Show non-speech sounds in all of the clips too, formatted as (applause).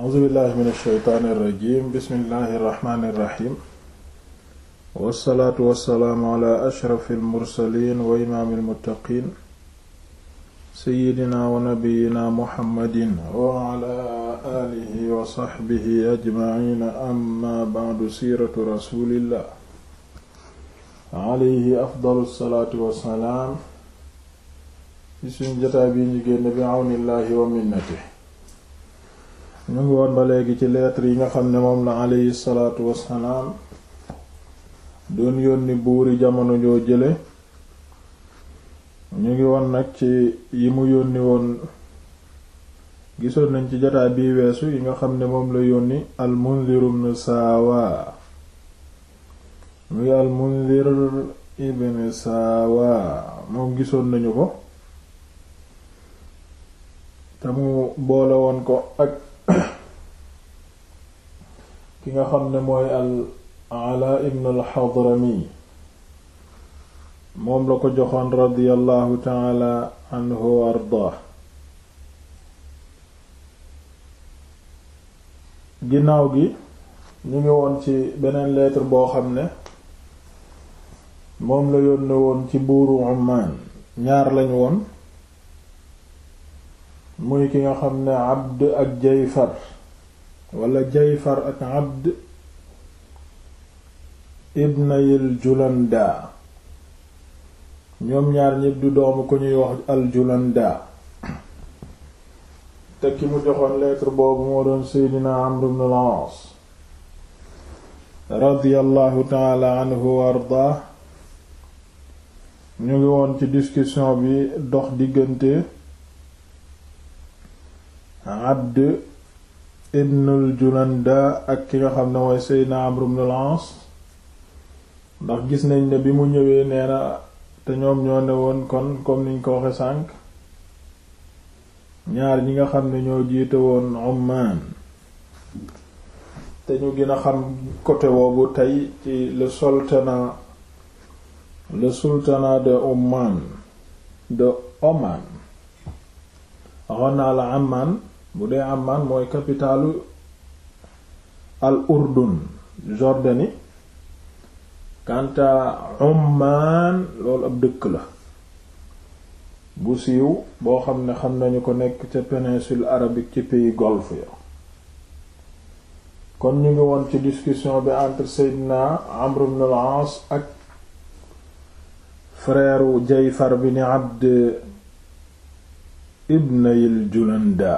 auzubillahi min alsheytaan irrajim bismillahi irrahmani irrahim wassalaatu wassalaamu ala ashrafi almursalin wa imaami almuttaqin seyidina wa nabiyina muhammadin wa ala alihi wa saxbihi ajmaina amma ba'du siiratu rasulillah alayhi afdalu salaatu wassalaam ci suñ jataa bi ñu génn bi awnillahi wa minnatihi ñu ngi woon ba léegi ci lettre yi nga xam ne moom la aleyhi salaatu wassalaam doon yónni buuri jamono ñoo jële ñu ngi woon nag ci yi mu yónni woon gisoon nañ ci jotaay bii weesu yi nga xam ne moom la yónni al-Mundhir ibn Sawa muy al-Mundhir ibn Sawa moom gisoon nañu ko te mu boole woon ko ak ki nga xam ne mooy al Alaa ibn al moom la ko joxoon radiyallahu taala anhu ardaa ginnaaw gi ñu ngi woon ci beneen lettre boo xam ne moom la yónnee woon ci buuru Oman ñaar lañu woon muy ki nga xam ne abd ak jayfar wala jayfar ak abd ibnayil julanda ñoom ñaar ñépp di doomu ku ñuy wax al julanda te ki mu joxoon lettre boobu moo doon seydina amr ibn al radiyallahu taala anhu wa ardaa ñu ngi woon ci discussion bi dox diggante abd ibnul julanda ak ki nga xam ne mooy seydna amru ibnul as ndax gis nañ ne bi mu ñëwee nee te ñoom ñoo ne woon kon comme niñ ko waxe sànk ñaar ñi nga xam ne ñoo jiite woon Oman te ñu gën xam côté boobu tey ci le sultanat le sultanat de Oman de Oman waxoon naa bu dee Amman mooy capitalu al Urdun Jordanie kanta Umman loolu ab dëkk la bu siiw boo xam ne xam nañu ko nekk ca péninsule arabique ci pays golfe ya kon ñu ngi woon ci discussion bi entre Seydina Amr ibn al-As ak frère Jayfar bin Abd ibn al-Julanda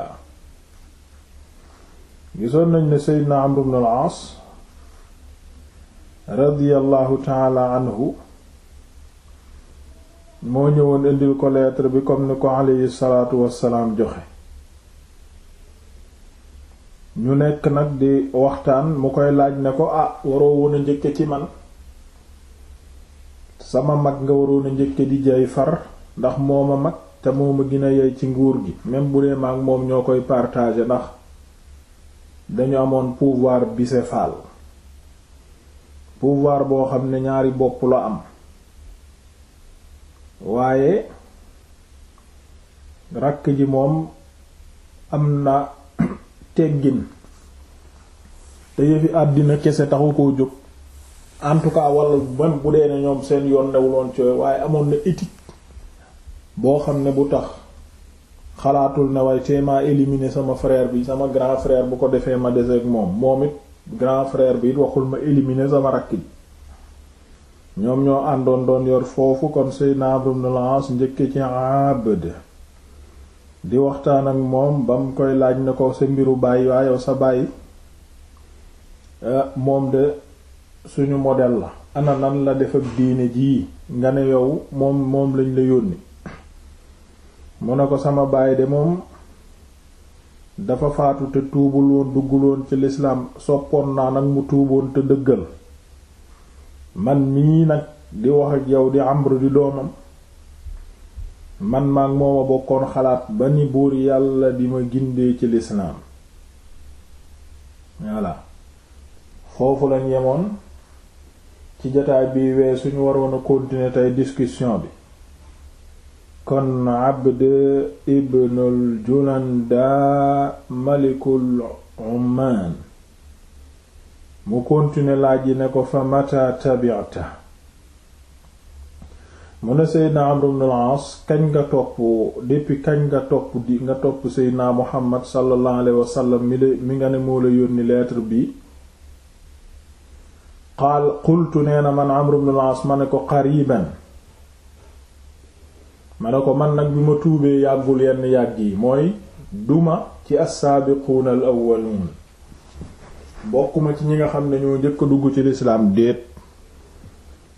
gisoon nañ ne Seydina Amr ibn al-As radiyallahu taala anhu moo ñëwoon indil ko lettre bi comme ni ko alayhi salaatu wassalaam joxe ñu nekk nag di waxtaan mu koy laaj ne ko ah waroo woon njëkke ci man sama mag nga waroon a njëkke di jay far ndax moo ma mag te moo ma gën yey ci nguur gi même bu dee maak moom ñoo koy partager ndax dañu amoon pouvoir bicéphale pouvoir boo xam ne ñaari bopp la am waaye rakk ji moom am na (clears throat) teggin te yëfi àddina kese taxu koo jóg en tout cas wala même bu dee ne ñoom seen yoon newuloon cooy waaye amoon na éthique boo xam ne bu tax xalaatul ne waaye tee maa éliminer sama frère bi sama grand frère bu ko defee ma des ak moom moom it grand frère bi it waxul ma éliminer sama rakk bi ñoom ñoo àndoon doon yor foofu kon Seydina Amr ibn al-As njëkke ci di waxtaan ak moom ba koy laaj na ko sa mbiru bàyyi waa yow sa bàyyi eh, moom de suñu modèle la ana la def ak diine jii nga ne yow moom moom lañ la yónni mu ne ko sama baay de moom dafa faatu te tuubul woon ci lislaam soppoon naa nag mu tuuboon te dëggal man mii nag di wax ak yow di Amr di doomam man maag mooma bokkoon xalaat ba ni buur yàlla di ma gindee ci lislaam voilà foofu lañ yemoon ci jataay bi weesuñu waroon a continuer tey discussion bi kon abd ibnul julanda malikul ummaan mu kontine laaj yi ne ko fa mata tabi'ta mu ne seydna amr ibn al kañ nga topp depuis kañ nga topp di nga topp seydna muhammad sallallahu alayhi wa mi nga ne moo la yónni lettre bi qaal qultu nee na man amr ibn al ma ne ko qariban mane ko man nag bi ma tuubee yàggul yenn yàgg yi mooy duma ci as-saabiquuna al-awwaluun bokkuma ci ñi nga xam ne ñoo njëkk a dugg ci lislaam déet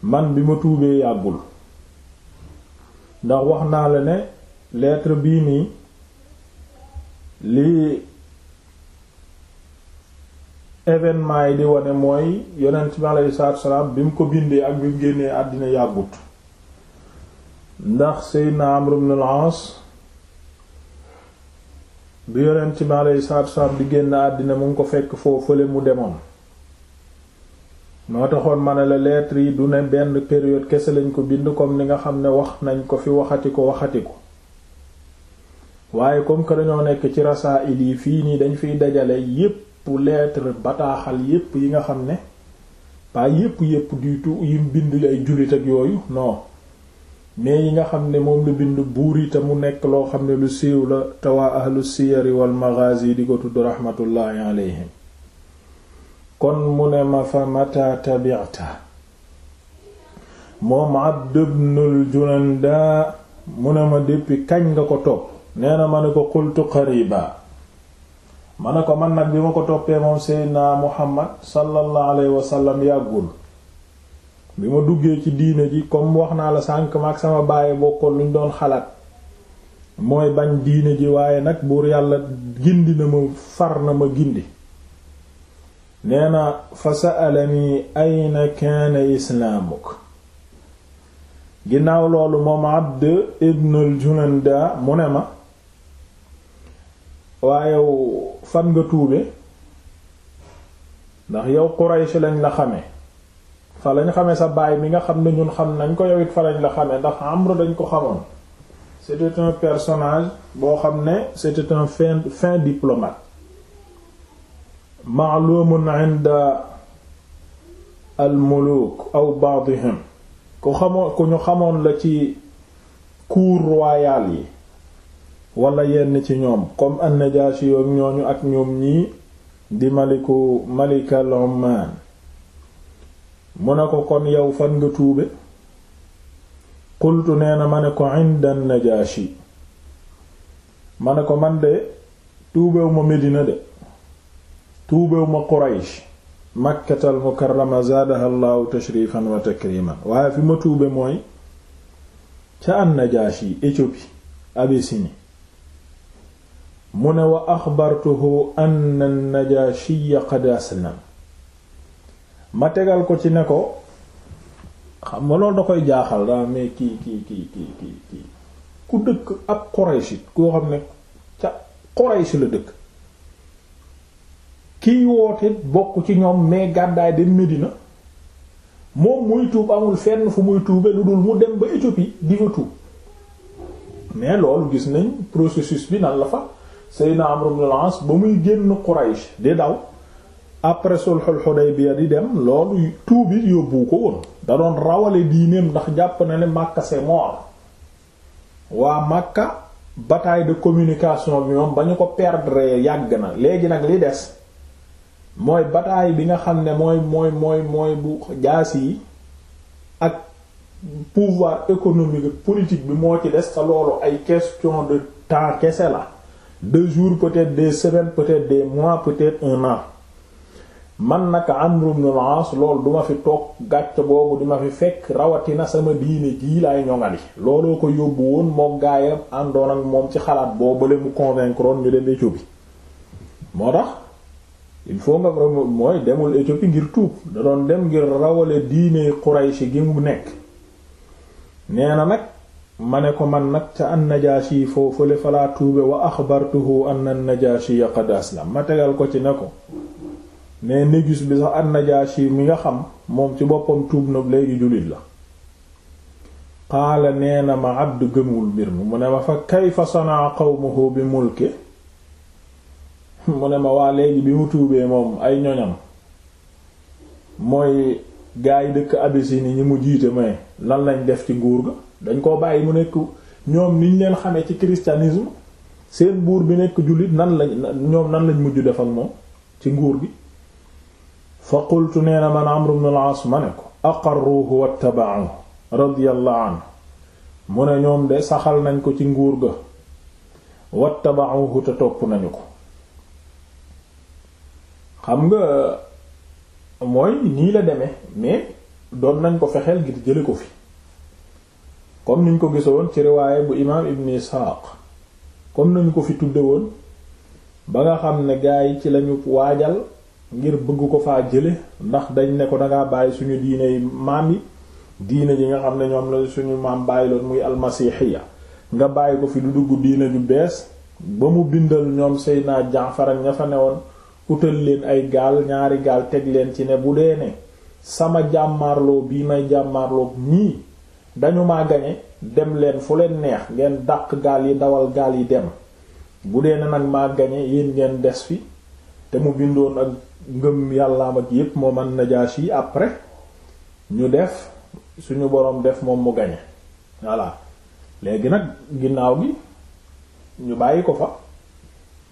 man bi ma tuubee yàggul ndax wax naa la ne leetre bii nii li événement yi di wane mooy yonent bi alayhi salaatu bi mu ko bindee ak bi mu génnee àddina yàggut ndax Seydina Amr ibn al-As bi yonent mi aleyhi salaatu salaam di génn àddina mu ngi ko fekk foofule mu demoon noo taxoon ma ne la lettre yi du ne benn période kese lañ ko bind comme ni nga xam ne wax nañ ko fi waxati ko waxati ko waaye comme que dañoo nekk ci rasaa'il yi fii nii dañ fiy dajale yépp lettre bataaxal yépp yi nga xam ne pas yépp yépp du tout yi bind ay jullit ak yooyu non. mais yi nga xam ne moom la bind buur yi te mu nekk loo xam ne lu siiw la te waa ahlu siyari wal maghazi di ko tudd raxmatullaahi alayhim kon mu ne ma fa mata tabi'ta moom Abd ibn al mu ne ma déppi kañ nga ko topp nee na ma ne ko qultu qariba ma ne ko man nag bi ma ko toppee moom seydna Muhammad sallallahu alayhi wa sallam yàggul bi ma duggee ci diine ji comme wax naa la sànk ma ak sama bàyyi bokkoon luñ doon xalaat mooy bañ diine ji waaye nag buur yàlla gindi na ma far na ma gindi nee na fa sa'alani ayna kaana islaamuk ginnaaw loolu moom abd ibnul julanda mu ne ma waaye fan nga tuube ndax yow Quraysh lañ la xame fa lañ xamee sa baay mi nga xam ne ñun xam nañ ko yow it fa la xamee ndax Amr dañ ko xamoon c'était un personnage boo xam ne c'était un fin fin diplomate ma'lumun 'inda al-muluk aw ba'dihim ku xamoon ku ñu xamoon la ci cour royale yi wala yenn ci ñoom comme an-Najashi ñooñu ak ñoom ñii di maliku malikal Oman mu ne ko kon yow fan nga tuube qultu nee na ma ne ko inda najashi ma ne ko man de tuubew ma Medina de tuubew ma Quraysh makkatal mukarrama zaadaha llahu tashrifan wa takriman waaye fi ma tuube mooy ca an najashi Éthiopie Abyssinie mu ne wa axbartuhu an najashi qad aslam ma tegal ko ci ne ko xam nga loolu da koy jaaxal daa mais kii kii kii kii ku dëkk ab Quraysh koo xam ne ca Quraysh la dëkk kiy woote bokk ci ñoom mais gàddaay dem Medina moom muy tuub amul fenn fu muy tuube lu dul mu dem ba Éthiopie di fa tuub mais loolu gis nañ processus bi nan la fa Seydina Amr ibn al ba muy génn Quraysh di daw après sulhul Hudaybiya di dem loolu tuubi yóbbu ko woon da doon rawale diineem ndax jàpp na ne Makka c'est waa Makka bataille de communication bi moom ba ñu ko perdre yàgg na léegi nag li des mooy bataille bi nga xam ne mooy mooy mooy mooy bu jaas yi ak pouvoir économique ak politique bi moo ci des te loolu ay question de temps kese la deux jours peut-être des semaines peut-être des mois peut-être un an man nag Amru ibn al-As duma fi toog gàcc boobu dima fi fekk rawatina sama diine jii laay ñoŋali looloo ko yóbbu woon moo gaayam àndoon ak moom ci xalaat boobale mu convaincre ñu dem Éthiopie moo tax il faut nga vraiment mooy demul Éthiopie ngir tuub da doon dem ngir rawale diine Quraysh gi mu nekk nee na nag ma ne ko man nag ca an-Najashi foofu le falaa tuube wa axbartuhu anna an-Najashi qad ma tegal ko ci ne ko mais négus bi sax an-Najaashi mi nga xam moom ci boppam tuub na léegi jullit la qaala nee na ma abd gëmul mbir mi mu ne ma fa kayfa sanaa qawmuhu bi mulki (laughs) mu ne ma waa léegi bi mu tuubee moom ay ñoñam mooy gaa yi dëkk Abyssinie ñi mu jiite may lan lañ def ci nguur ga dañ koo bàyyi mu nekk ñoom niñ leen xamee ci christianisme seen buur bi nekk jullit nan lañ ñoom nan lañ mujj def moom ci nguur gi fa qultu nee na man amru bnu al ma ne ko aqarruuhu wattaba'uhu radiyallahu anhu mu ne ñoom de saxal nañ ko ci nguur ga wattaba'uhu te topp nañu ko xam nga mooy nii la deme mais doon nañ ko fexeel ngir jële ko fi comme niñ ko gisoon ci riwaaye bu imaam ibn Isxaaq comme nañu ko fi tudde woon ba nga xam ne gaa yi ci lañu waajal ngir bëgg ko fa jële ndax dañ ne ko danga bàyyi suñu diine maam yi diine ji nga xam ne ñoom suñu maam bàyyi loon muy xëya nga bàyyi ko fi du dugg diine ju bees ba mu bindal ñoom Seydina Jaafar ak ña fa woon utal leen ay gaal ñaari gaal teg leen ci ne bu dee ne sama jàmmaarloo bii may jàmmaarloo ñii dañu ma gañe dem leen fu leen neex ngeen dàq gaal yi dawal gaal yi dem bu dee ne nag maa gañe yéen ngeen des fi te mu bindoon ak ngëm yàllaam ak yépp moom an Najaashi après ñu def suñu boroom def moom mu gañe voilà léegi nag ginnaaw gi ñu bàyyi ko fa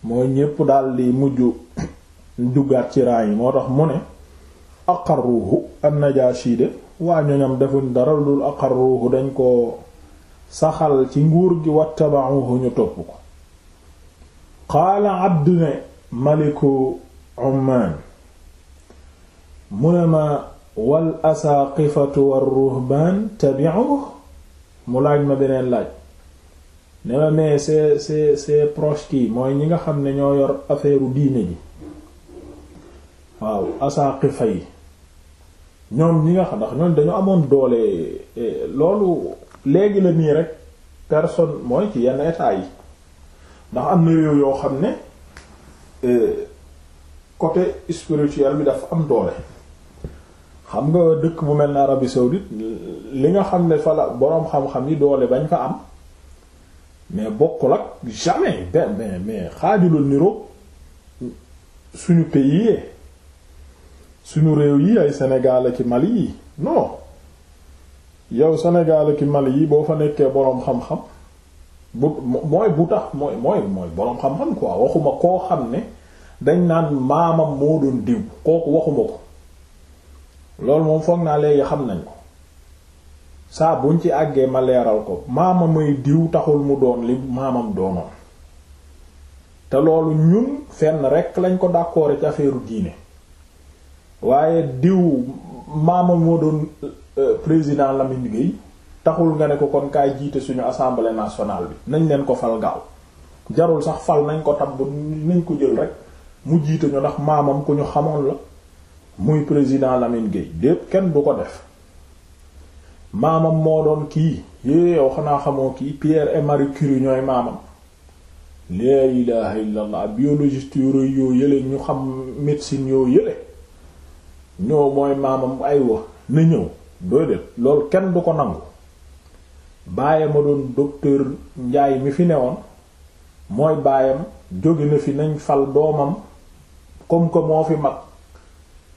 mooy ñépp dal di mujj (coughs) duggaat ci raa yi moo tax mu ne aqarruhu an Najaashi de waa ñoñam defuñ dara dul aqarruhu dañ ko saxal ci nguur gi wattaba'uhu ñu topp ko qaala abdu maliku Ummaan mu ne ma wal asaaqifatu war ruhbaan tabi'uhu mu laaj ma beneen laaj ne ma mais c'est c'est c'est proche kii mooy ñi nga xam ne ñoo yor affaire diine ji waaw asaaqifa yi ñoom ñi nga xam ndax ñoom dañu amoon doole eh, loolu léegi la nii rek personne mooy ci yenn état yi ndax am na réew yoo xam ne. Eh, côté spirituel bi dafa am doole xam nga dëkk bu mel ne Arabie saoudite li nga xam ne fa la boroom xam-xam yi doole bañ fa am mais bokkul ak jamais benn mais mais xaajulul niroo suñu pays yi suñu réew yii ay Sénégal ak Mali yi non yow Sénégal ak Mali yi boo fa nekkee boroom xam-xam bu mooy bu tax mooy mooy mooy boroom xam-xam quoi waxuma koo xam ne. dañ naan maamam moo doon diw kooku waxuma ko loolu moom foog naa léegi xam nañ ko saa buñ ci àggee ma leeral ko maamam may diw taxul mu doon li maamam doonoon te loolu ñun fenn rek lañ ko d'accord ci affaire diine waaye diw maamam moo doon euh, président Lamine Gueye taxul nga ne ko kon kaay jiite suñu assemblée nationale bi nañ leen ko fal gaaw jarul sax fal nañ ko tab nañ ko jël rek mu jiite ñu ndax maamam ku ñu xamoon la muy président Lamine Gueye dépp kenn du ko def maamam moo doon kii yée yow xanaa xamoo kii Pierre et Marie Curie ñooy maamam laa ilaha illa allah biologiste yu yële ñu xam médecine yoo yële ñoo mooy maamam ay wa na ñëw dooy def loolu kenn du ko nangu bàyyam ma doon docteur Njaay mi fi newoon mooy baayam jóge na fi nañ fal doomam comme que moo fi mag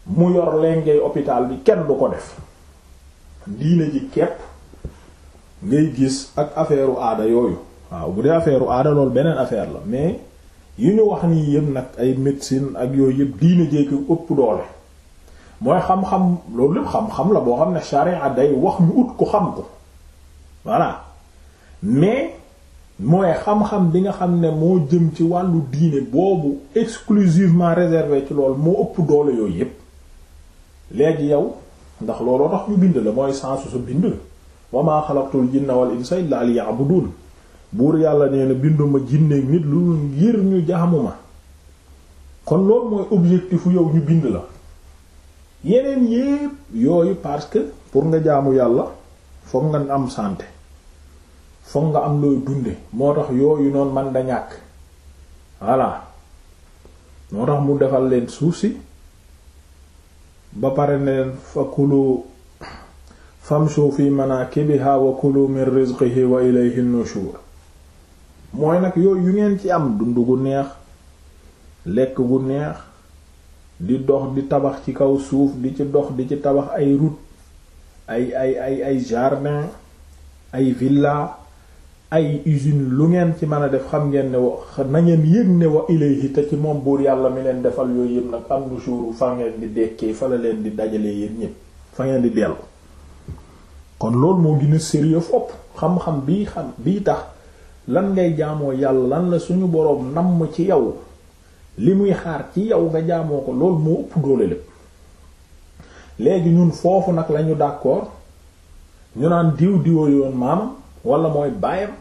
mu yor lengey hôpital bi kenn du ko def diine ji kepp ngay gis ak affaire u aada yooyu waaw bu dee affaire aada loolu beneen affaire la mais yu ñu wax nii yëpp nag ay médecine ak yooyu yëpp diine jee ko ëpp doole mooy xam-xam loolu lépp xam-xam la boo xam ne sharia day wax ñu ut ko xam ko voilà mais mooy xam-xam bi nga xam ne moo jëm ci wàllu diine boobu exclusivement réservé ci loolu moo ëpp doole yooyu yépp léegi yow ndax looloo tax ñu bind la mooy sensu sa bind la wa maa xalaqtul jinna wal insa illa buur yàlla nee na binduma jinneeg nit lu ngir ñu jaamu ma kon loolu mooy objectifu yow ñu bind la yeneen yépp yooyu parce que pour nga jaamu yàlla foog nga am santé foog nga am looy dunde moo tax yooyu noonu man da ñàkk voilà moo tax mu defal leen suuf si ba pare ne leen fa kulu famshu fi manakibiha wa kulu min rizqihi wa ilayhi nushur mooy nag yooyu yu ngeen ci am dund gu neex lekk gu neex di dox di tabax ci kaw suuf di ci dox di ci tabax ay route ay ay ay ay jardin ay villa ay usine lu ngeen ci mën a def xam ngeen ne wa na ngeen yëg ne wa ilayhi te ci moom buur yàlla mi leen defal yooyu yëpp nag am nu suuru fa ngeen di dekkee fa la leen di dajale yéen ñëpp fa ngeen di dellu kon loolu moo gën a sérieux fopp xam-xam bii xam bii tax lan ngay jaamoo yàlla lan la suñu boroom namm ci yow li muy xaar ci yow nga jaamoo ko loolu moo ëpp doole lépp léegi ñun foofu nag lañu d'accord ñu naan diw diwa yoon maam wala mooy baayam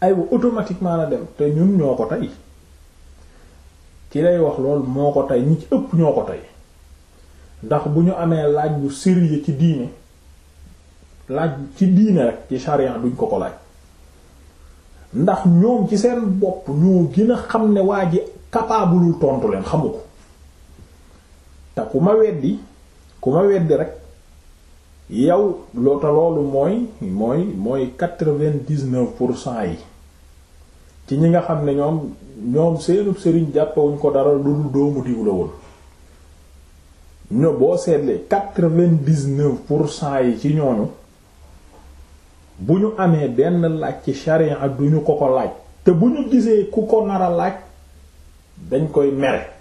aywa automatiquement na dem te ñun ñoo ko tey ki lay wax lool moo ko tey ñi ci ëpp ñoo ko tey ndax bu ñu amee laaj bu sérieux ci diine laaj ci diine rek ci sharia duñ ko ko laaj ndax ñoom ci seen bopp ñoo gën xam ne waa ji capable tontu leen xamu ko te ku ma weddi ku ma weddi rek yow loota loolu mooy mooy mooy quatre-vingt-dix-neuf pour cent yi ci ñi nga xam ne ñoom ñoom seenub sëriñ jàppewuñ ko dara lu doomu diw la ño boo seetlee quatre-vingt-dix-neuf pour cent yi ci ñooñu bu ñu amee benn laaj ci sharia duñu ko ko laaj te bu ñu gisee ku ko nar a laaj dañ koy mere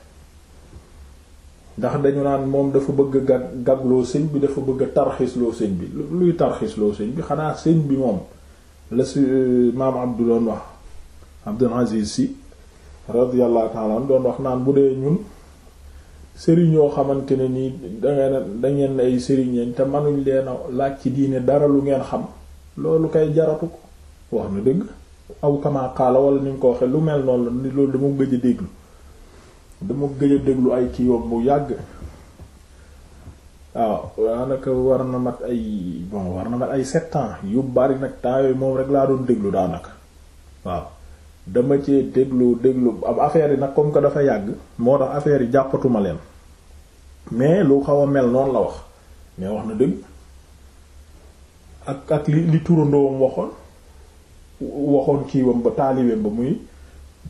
ndax dañu naan moom dafa bëgg a gag sëñ bi dafa bëgg a tarxiisloo sëñ bi luy tarxiisloo sëñ bi xanaa sëñ bi moom la si euh, maam Abdu doon wax Abdul Aziz si radiyallahu ta'ala doon wax naan bu dee ñun sëriñ yoo xamante ne nii dangeen dangeen ay sëriñ yañ te manuñ leen laaj ci diine dara lu ngeen xam loolu kay jaratu ko wax na dëgg aw kama qaala wala ñu mu ko waxee lu mel noonu la loolu dama gëj déglu dama gëj déglu ay kii bu yàgg waaw daanaka war na mat ay bon war na mat ay sept ans yu bari nag temps yooyu moom rek laa doon déglu daanaka waaw dama cee déglu déglu ab affaire yi nag comme que dafa yàgg moo tax affaire yi jàppatuma leen mais lu xaw a mel noonu la wax mais wax na dëgg ak ak li li turandoowam waxoon waxoon kiiwam ba taalibeem ba muy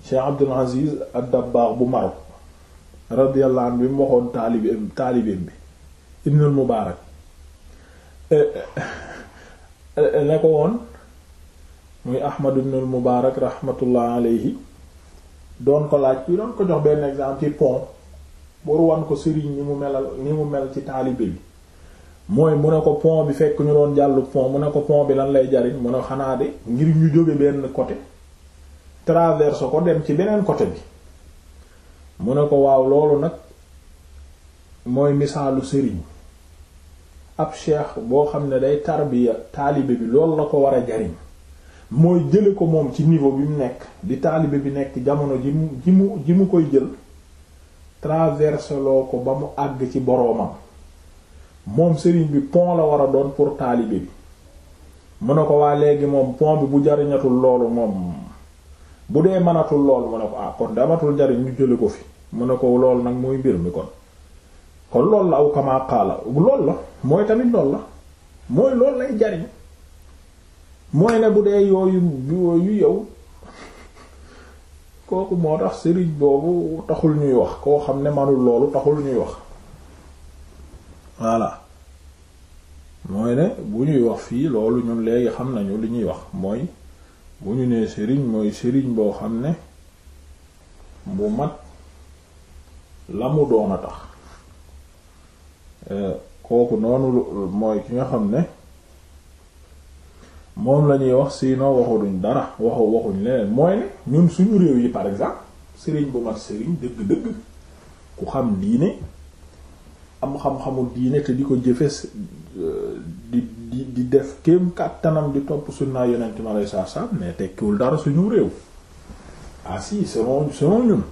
Cheikh Abdul Aziz ad-Dabbagh bu Maroc radiyallahu anhu bi mu waxoon taalibeem bi ibnul mubaarak eh, eh, ne ko woon muy ahmad ibnul mubaarak rahmatullah alayhi doon ko laaj bi doon ko jox benn exemple ci pont pour wan ko sëriñ ni mu melal ni mu mel ci taalibe bi mooy mu ne ko pont bi fekk ñu doon jàllu pont mu ne ko pont bi lan lay jariñ mu ne xanaa de ngir ñu jóge benn côté traverse ko dem ci beneen côté bi mu ne ko waaw loolu nag mooy misaalu sëriñ ab cheikh boo xam ne day tarbiya taalibe bi loolu la ko war a jariñ mooy jële ko moom ci niveau bi mu nekk di taalibe bi nekk jamono ji mu ji mu ji mu koy jël traverseloo ko ba mu àgg ci boroomam moom sëriñ bi pont la war a doon pour taalibe bi mu ne ko waa léegi moom pont bi bu jariñatul loolu moom bu dee mënatul lool mu ne ko ah kon damatul jariñ ñu jële ko fi mu ne ko lool nag mooy mbir mi kon kon lool la aw kama qaala lool la mooy tamit lool la mooy lool lay jariñ bu dee yooyu yooyu yow kooku moo sëriñ boobu taxul ñuy wax koo xam ne manul loolu taxul ñuy wax voilà mooy ne bu ñuy wax fii loolu ñun léegi xam nañu li ñuy wax mooy bu ñu nee sëriñ mooy sëriñ boo xam ne bu mat la mu doon a tax euh, kooku noonu mooy ki nga xam ne moom la ñuy wax sinon waxuñu dara waxu waxuñ leneen mooy ne ñun suñu réew yi par exemple sëriñ bu mat sëriñ dëgg-dëgg ku xam diine am xam-xamul diine te di ko jëfe euh, di di di def kéem kàttanam di topp sunna yonent mi alayhi salaatu salaam mais tekkiwul dara suñu réew ah si selon selon ñun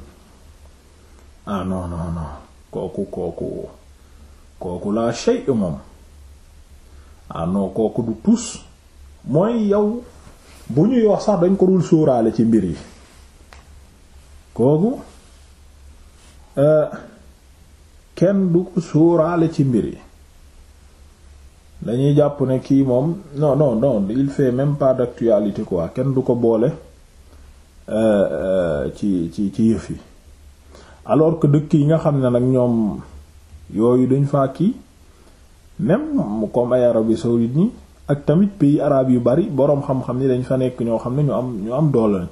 ah non non non kooku kooku kooku laa shay moom ah non kooku du tus mooy yow bu ñuy wax sax dañ ko dul sóoraale ci mbir yi kooku eh, kenn du ko sóoraale ci mbir yi dañuy jàpp ne kii moom non non non il fait même pas d'actualité quoi kenn du ko boole euh, euh, ci ci ci yëf yi alors que dëkk yi nga xam ne nag ñoom yooyu dañ faa kii même comme ay Arabie saoudite ni ak tamit pays arabe yu bari boroom xam-xam ni dañ fa nekk ñoo xam ne ñu am ñu am doole lañ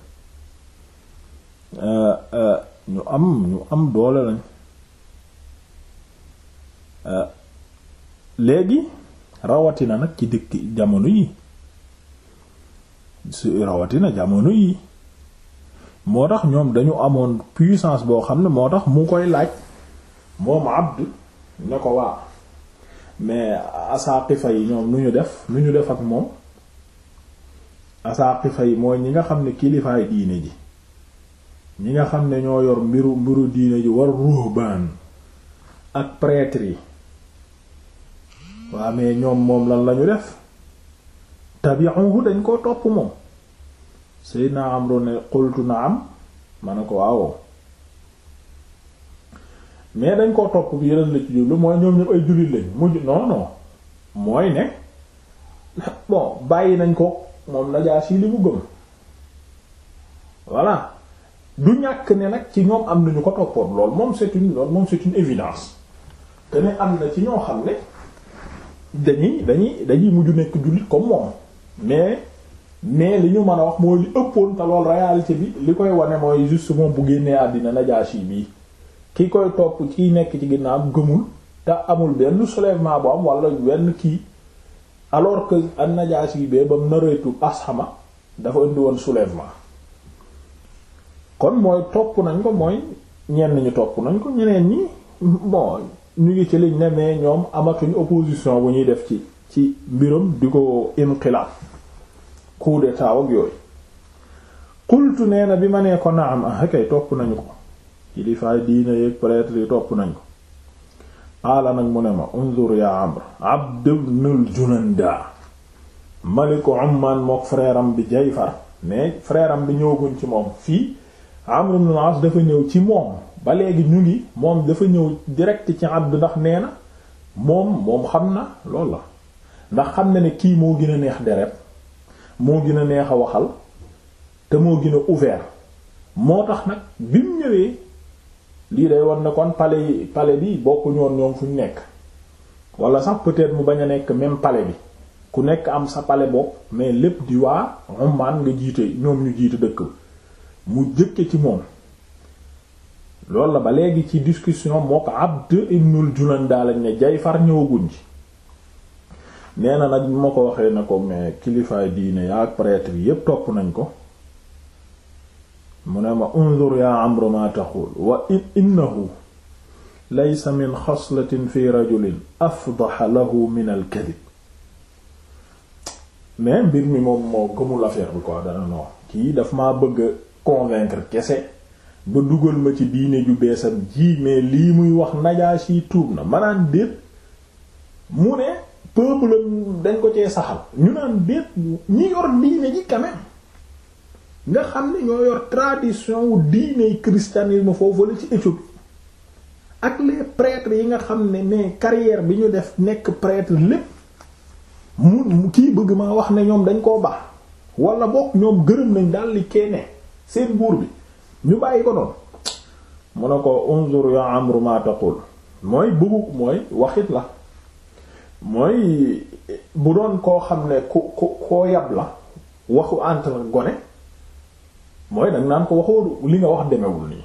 euh, ñu am ñu am doole lañ léegi rawatina nag ci dëkk jamono yi su rawatina jamono yi moo tax ñoom dañu amoon puissance boo xam ne moo tax mu koy laaj moom abd ne ko waa mais asaaqifa yi ñoom nu ñu def nu ñu def ak moom asaaqifa yi mooy ñi nga xam ne kilifaay diine ji ñi nga xam ne ñoo yor mbiru mbiru diine ji war ruhbaan ak prêtre yi waa mais ñoom moom lan lañu def tabi'uhu dañ koo topp moom Seydina Amru ne naa am ma ne ko waaw mais dañ koo topp bi yeneen la ci jublu mooy ñoom ñëpp ay jullit lañ mujj non non mooy ne bàyyi nañ ko moom Najaasi li mu gëm voilà du ñàkk ne nag ci ñoom am na ñu ko toppoon loolu moom c'est une moom c'est une évidence que ne am na ci ñoo xam ne dañuy dañuy dañuy mujj nekk jullit comme moom mais mais li ñu mën a wax mooy li ëppoon te lool réalité bi li koy wane mooy juste moom bu génnee àddina Najaashi bii ki koy topp ci nekk ci ginnaaw gëmul te amul benn soulèvement bu am wala wenn kii alors que an Najaashi bee ba mu nareetu ashama dafa indi woon soulèvement kon mooy topp nañ ko mooy ñenn ñu topp nañ ko ñeneen ñi bon. ñu ngi ci liñ ne mais ñoom amatuñ opposition bu ñuy def ci ci mbiram di ko inqilaab coup d'état ak yooyu xultu nee na bi ma nee ko am ah kay topp nañu ko kilifaay diine yeeg prêtre yi topp nañ ko qaala nag mu ne ma unzur yaa amr abd ibnul julanda maliku mook frère bi jayfar mais freeram am bi ñëwaguñ ci moom fii amr ibnul as dafa ñëw ci moom ba léegi ñu ngi moom dafa ñëw direct ci abd ndax nee na moom moom xam na loolu la ndax xam na ne kii moo gën a neex deret moo gin a neex a waxal te moo gën a ouvert moo tax nag bi mu ñëwee lii day war na kon palais yi palais bi bokku ñoon ñoom fu ñu nekk walla sax peut mu bañ a nekk même pale bi ku nekk am sa pale bopp mais lépp di waa Oman nga jiite ñoom ñu jiite dëkk mu jëkke ci moom loolu la ba léegi ci discussion mook Abd ibnul daal lañ ne Jayfar ñëwaguñ ci nee na nag bi ma ko waxee ne ko mais kilifaay diine yaa ak prêtre yépp topp nañ ko mu ne ma unzur yaa Amru ma taqul wa innahu laysa min xaslatin fi rajulin afdaxa lahu min alkadib mais mbir mi moom moo gëmul affaire bi quoi dana non kii daf ma bëgg convaincre kese ba dugal ma ci diine ju beesam ji mais lii muy wax Najaasi tuub na manaan déet mu ne peuple dañ ko cee saxal ñu naan déet ñi yor diine ji quand nga xam ne ñoo yor tradition wu diine christianisme foofu la ci Éthiopie ak les prêtres yi nga xam ne mais carrière bi ñu def nekk prêtre lépp mu kii bëgg maa wax ne ñoom dañ koo baax wala bokk ñoom gërëm nañ daal li kene seen buur bi ñu bàyyi ko noonu mu ne ko unzur ya amru ma taqul mooy bëggu mooy waxit la mooy bu doon koo xam ne ku ku koo yab la waxu entre gone mooy danga naan ko waxoo li nga wax demewul nii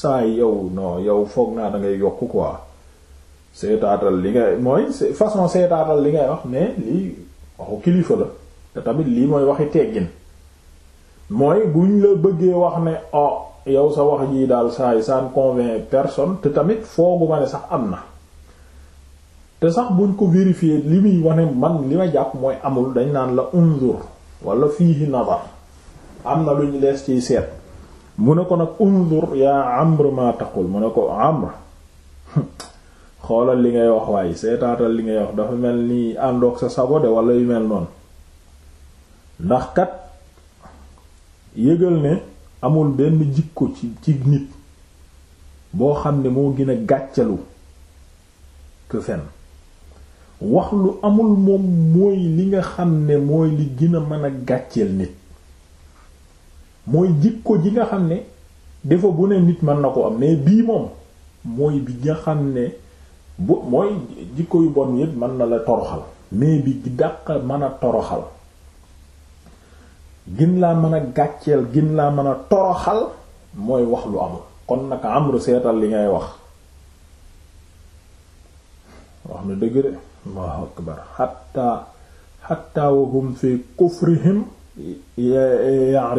saa yow non yow foog naa da ngay yokk quoi seetaatal li nga mooy façon seetaatal li ngay wax ne lii waxu kilifa la te tamit lii mooy waxi teggin mooy ñu la bëggee wax ne oh yow sa wax jii daal saa yi ça ne personne te tamit foogu ma ne sax am na te sax buñ ko vérifier li muy wax ne man li ma jàpp mooy amul dañ naan la unzur wala fiihi nazar am na lu ñu lees ciy seet mu ne ko nag unzur yaa amr ma taqul mu ne ko amr (laughs) xoolal li ngay wax waaye seetaatal li ngay wax dafa mel ni àndoog sa sabode wala yu mel noonu ndax kat yëgal ne amul benn jikko ci ci nit boo xam ne moo gën a gàccalu que fen wax lu amul moom mooy li nga xam ne mooy li gën a mën a gàcceel nit mooy jikko ji nga xam ne dafa bu ne nit mën na ko am mais bii moom mooy bi nga xam ne bu mooy jikko yu bon yépp mën na la toroxal mais bi dàq mën a toroxal gin laa mën a gàcceel gin laa mën a toroxal mooy wax lu amul kon nag amru seetal li ngay wax wax na dëgg de Allahu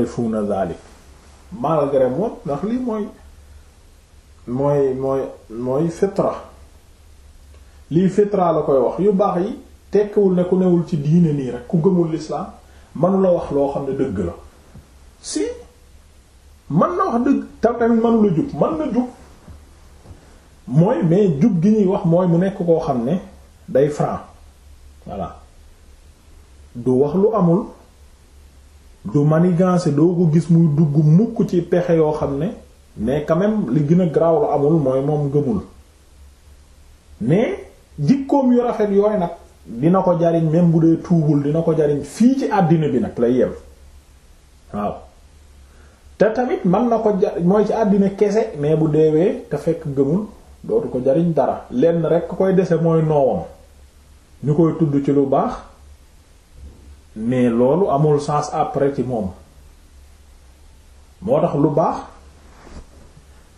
akbar ndax lii mooy mooy mooy mooy fitra lii fitra la koy wax yu baax yi tekkiwul ne ku newul ci diine nii rek ku gëmul lislaam manu la wax loo xam ne dëgg la si man na wax dëgg tam tamit manu la jub man na jub mooy mais jub gi ñuy wax mooy mu nekk koo xam ne day franc voilà du wax lu amul du manigance doo ko gis muy dugg mukk ci pexe yoo xam ne mais quand li gën a garaaw lu amul mooy moom gëmul mais jikkoom yu rafet yooy nag dina ko jariñ même bu dee tuubul dina ko jariñ fii ci àddina bi nag lay yem waaw te tamit man na ko jariñ mooy ci àddina kese mais bu deewee te fekk gëmul dootu ko jariñ dara lenn rek koy dese mooy noowam ñu koy tudd ci lu baax mais loolu amul sens après ci moom moo tax lu baax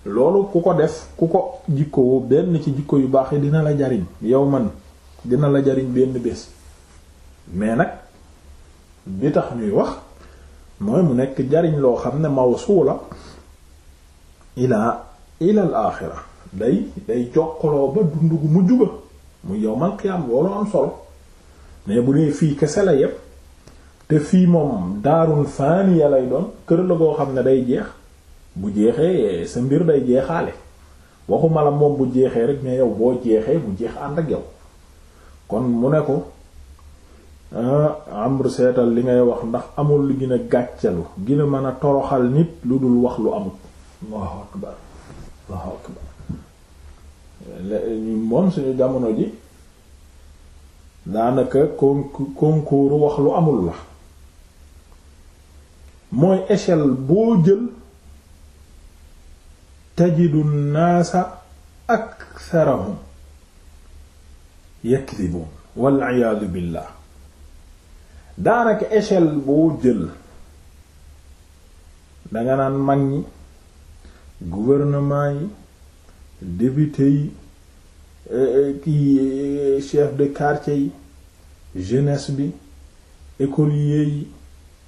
loolu ku ko def ku ko jikkoo benn ci jikko yu baax yi dina la jariñ yow man dina la jariñ benn bés mais nag bi tax ñuy wax mooy mu nekk jariñ loo xam ne mawsuula ilaa ilal aaxira day day jokkaloo ba dund gu mujj ba mu yowmal qiyaam loolu am solo mais bu dee fii kese la yépp te fii moom daarul faaniya lay doon kër la goo xam ne day jeex bu jeexee sa mbir day jeexaale waxuma la moom bu jeexee rek mais yow boo jeexee bu jeex ànd ak yow kon mu ne ko ah, amr seetal li ngay wax ndax amul lu gën a gàccalu gën a mën a toroxal nit lu dul wax lu amul allahu akbar moom suñu jamono ji daanaka con concours wax lu amul la mooy échelle boo jël tajidu naasa ak aktharahum yakdibun wal iyaadu billah daanaka échelle boo jël danga naan mag ñi gouvernement yi député yi euh, kii euh, chef de quartier yi jeunesse bi écoliers yi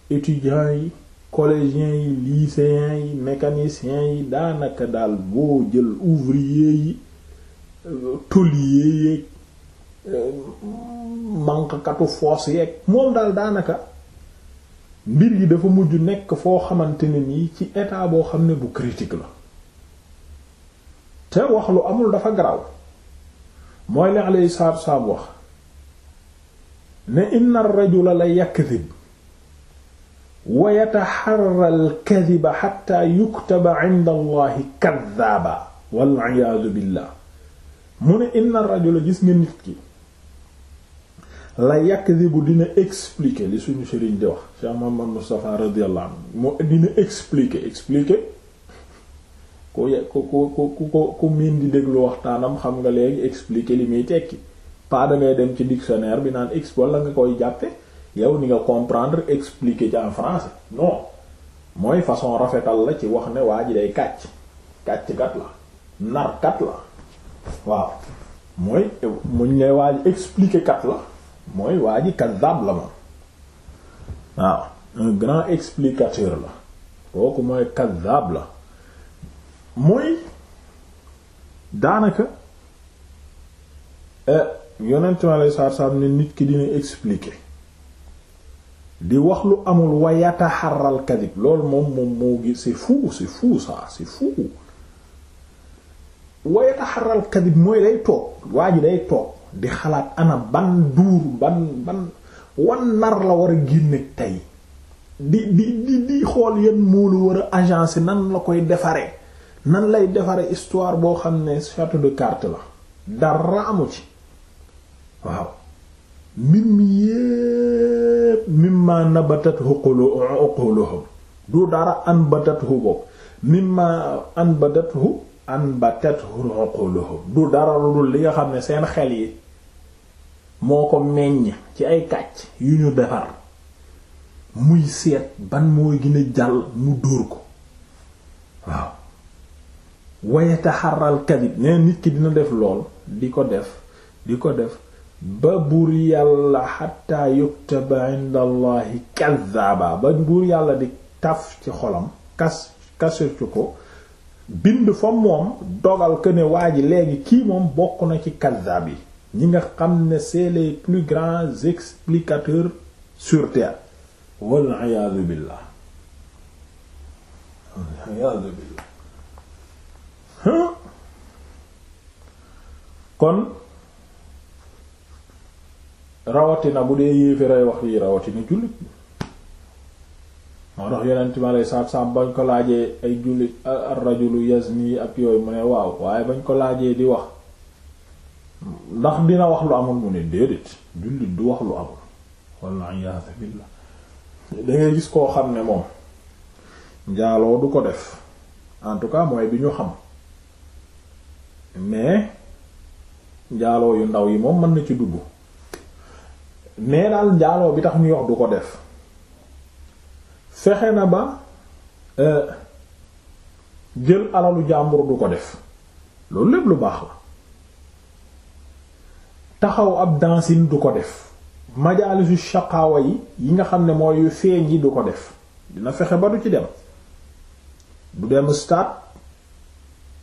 étudiants yi collégiens yi lycéens yi mécaniciens yi daanaka daal boo jël ouvrier yi euh, tôlier yi Euh, manqkatu foos yeeg moom daal daanaka mbir yi dafa mujj nekk foo xamante ne nii ci état boo xam ne bu critique la te wax lu amul dafa garaw mooy li alayhi salaatu wax ne inna rajula la yakdhib wa yataharra al-kadhiba hatta yuktaba 'inda Allahi kadhaaba wal mu ne inna rajula gis nga nit ki la yakdibu dina expliquer li suñu sëriñ di wax Cheikh Muhammad Mustafa radiyallahu anhu moo dina expliquer expliquer ku ku ku ku ku ku miin di déglu waxtaanam xam nga léegi expliquer li muy tekki pas da dem ci dictionnaire bi naan ex wala nga koy jàppe yow ni nga comprendre expliquer ci en français non mooy façon rafetal la ci wax ne waaj ji day kàcc kàcckat la narkat la waaw mooy muñ lay waa expliquer kat la mooy waa ji kazzab la waaw un grand explicateur la kooku mooy kazzab la mooy daanaka eh, yonent mi aleyhi salaatu salaam ne nit ki dina expliquer di wax lu amul wa yataharral kadib loolu moom moom moo gi c'est fou c'est fou ça c'est fou wa yataharral kadib mooy day toog waa ji day toog di xalaat ana ban duur ban ban wan la war a génne tey di di di xool yan moo la war a nan la koy defaree nan lay defare histoire boo xam ne château de carte la dara ci waaw mbir mi yépp mimma nabatat uquluhum du dara anbatathu bok mimma anbatathu anbatathu uquluhum du dara lu li nga xam ne seen xel yi moo ko meññ ci ay kàcc yu ñu defar muy seet ban mooy gën a jàll mu dóor ko waaw wayataxaral kadib nee nit ki dina def lool di ko def di ko def ba buur yàlla xataa yuktaba inda allahi kaddaaba ba buur yàlla di taf ci xolam kas kasircu ko bind fa moom dogal que ne waa ji léegi kii moom bokk na ci kazzab bi ñi nga xam ne c'est les plus grands explicateurs sur terre wal iyaadu billah wal iyaadu billah kon rawatina bu dee yéefi ray wax yi rawatina jullit moo tax yonent a alei saatu salaam bañ ko laajee ay jullit ar-rajulu yazni ak yooyu mu ne waaw waaye bañ ko laajee di wax ndax dina wax lu amul mu ne déedéet jullit du wax lu amul walla iyaatha billah dangay gis koo xam ne moom njaaloo du ko def en tout cas mooy bi ñu xam mais njaaloo yu ndaw yi moom mën na ci dugg mais daal njaaloo bi tax ñuy wax du ko def fexe na ba euh, jël alalu jàmbur du ko def loolu lépp lu baax la taxaw ab dansin du ko def majaalisu shaqaawa yi yi nga xam ne mooy yu feeñ du ko def dina fexe ba du ci dem du dem stade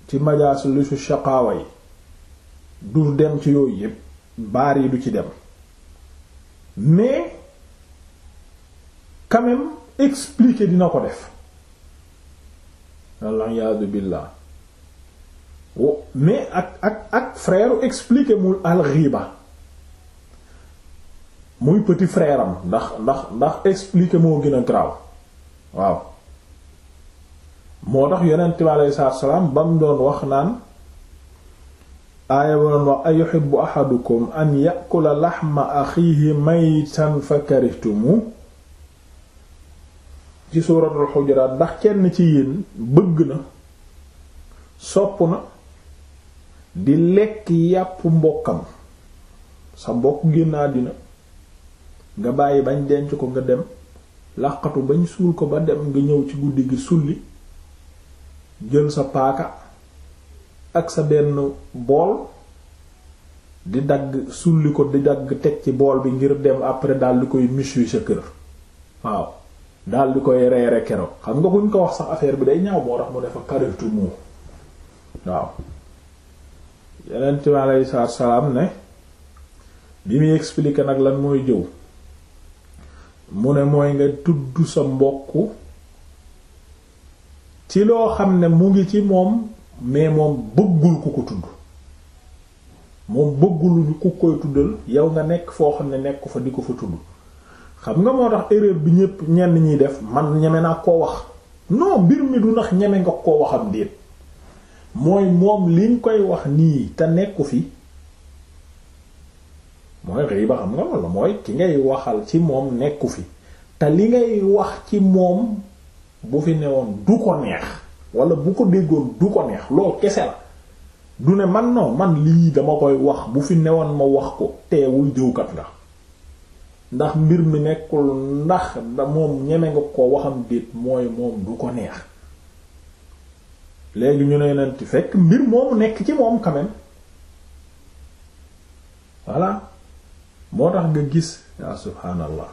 ci majaalisu shaqaawa yi du dem ci yooyu yépp baar yi du ci dem mais quand expliquer dina ko def aliyasu billah mais ak ak ak frère expliquer mu alxiiba muy petit freeram ndax ndax ndax expliquer moo gën a graw waaw moo tax yonent bi aleyhi salaatu bam doon wax naan aaya ba doon wax ayuhibbu ahadukum an yakula laxma axiihi maytan fa karihtumu ci suuratul xujuraat ndax kenn ci yéen bëgg na sopp na di lekk yàpp mbokkam sa mbokk génn àddina nga bàyyi bañ denc ko nga dem làqatu bañ suul ko ba dem nga ñëw ci guddi gi sulli jël sa paaka ak sa benn bool di dagg sulli ko di dagg teg ci bool bi ngir dem après dal di koy michu sa kër waaw daal di koy reere keroog xam nga kuñ ko wax sax affaire bi day ñaaw moo tax mu defa karatu mu waaw yeneen mi aleyhi salaam ne bi muy expliquer nag lan mooy jëw mu ne mooy nga tudd sa mbokk ci loo xam ne mu ngi ci moom mais moom bëggul ku ko tudd moom bëggul ku koy tuddal yow nga nekk foo xam ne nekk ko fa di ko fa tudd xam nga moo tax erreur bi ñépp ñenn ñiy def man ñeme naa koo wax non mbir mi du ndax ñeme nga koo waxam déet mooy moom liñ koy wax nii te nekku fi mooy riiba xam mooy ki ngay waxal ci moom nekku fi te li ngay wax ci moom bu fi newoon du ko neex wala bu ko déggoon du ko neex loolu kese la du ne man non man lii dama koy wax bu fi newoon ma wax ko teewul jëwkat nga ndax mbir mi nekkul ndax da moom ñeme nga ko waxam déet mooy moom du ko neex léegi ñu ne nenti fekk mbir moomu nekk ci moom quand même moo tax nga gis yaa subhaanallah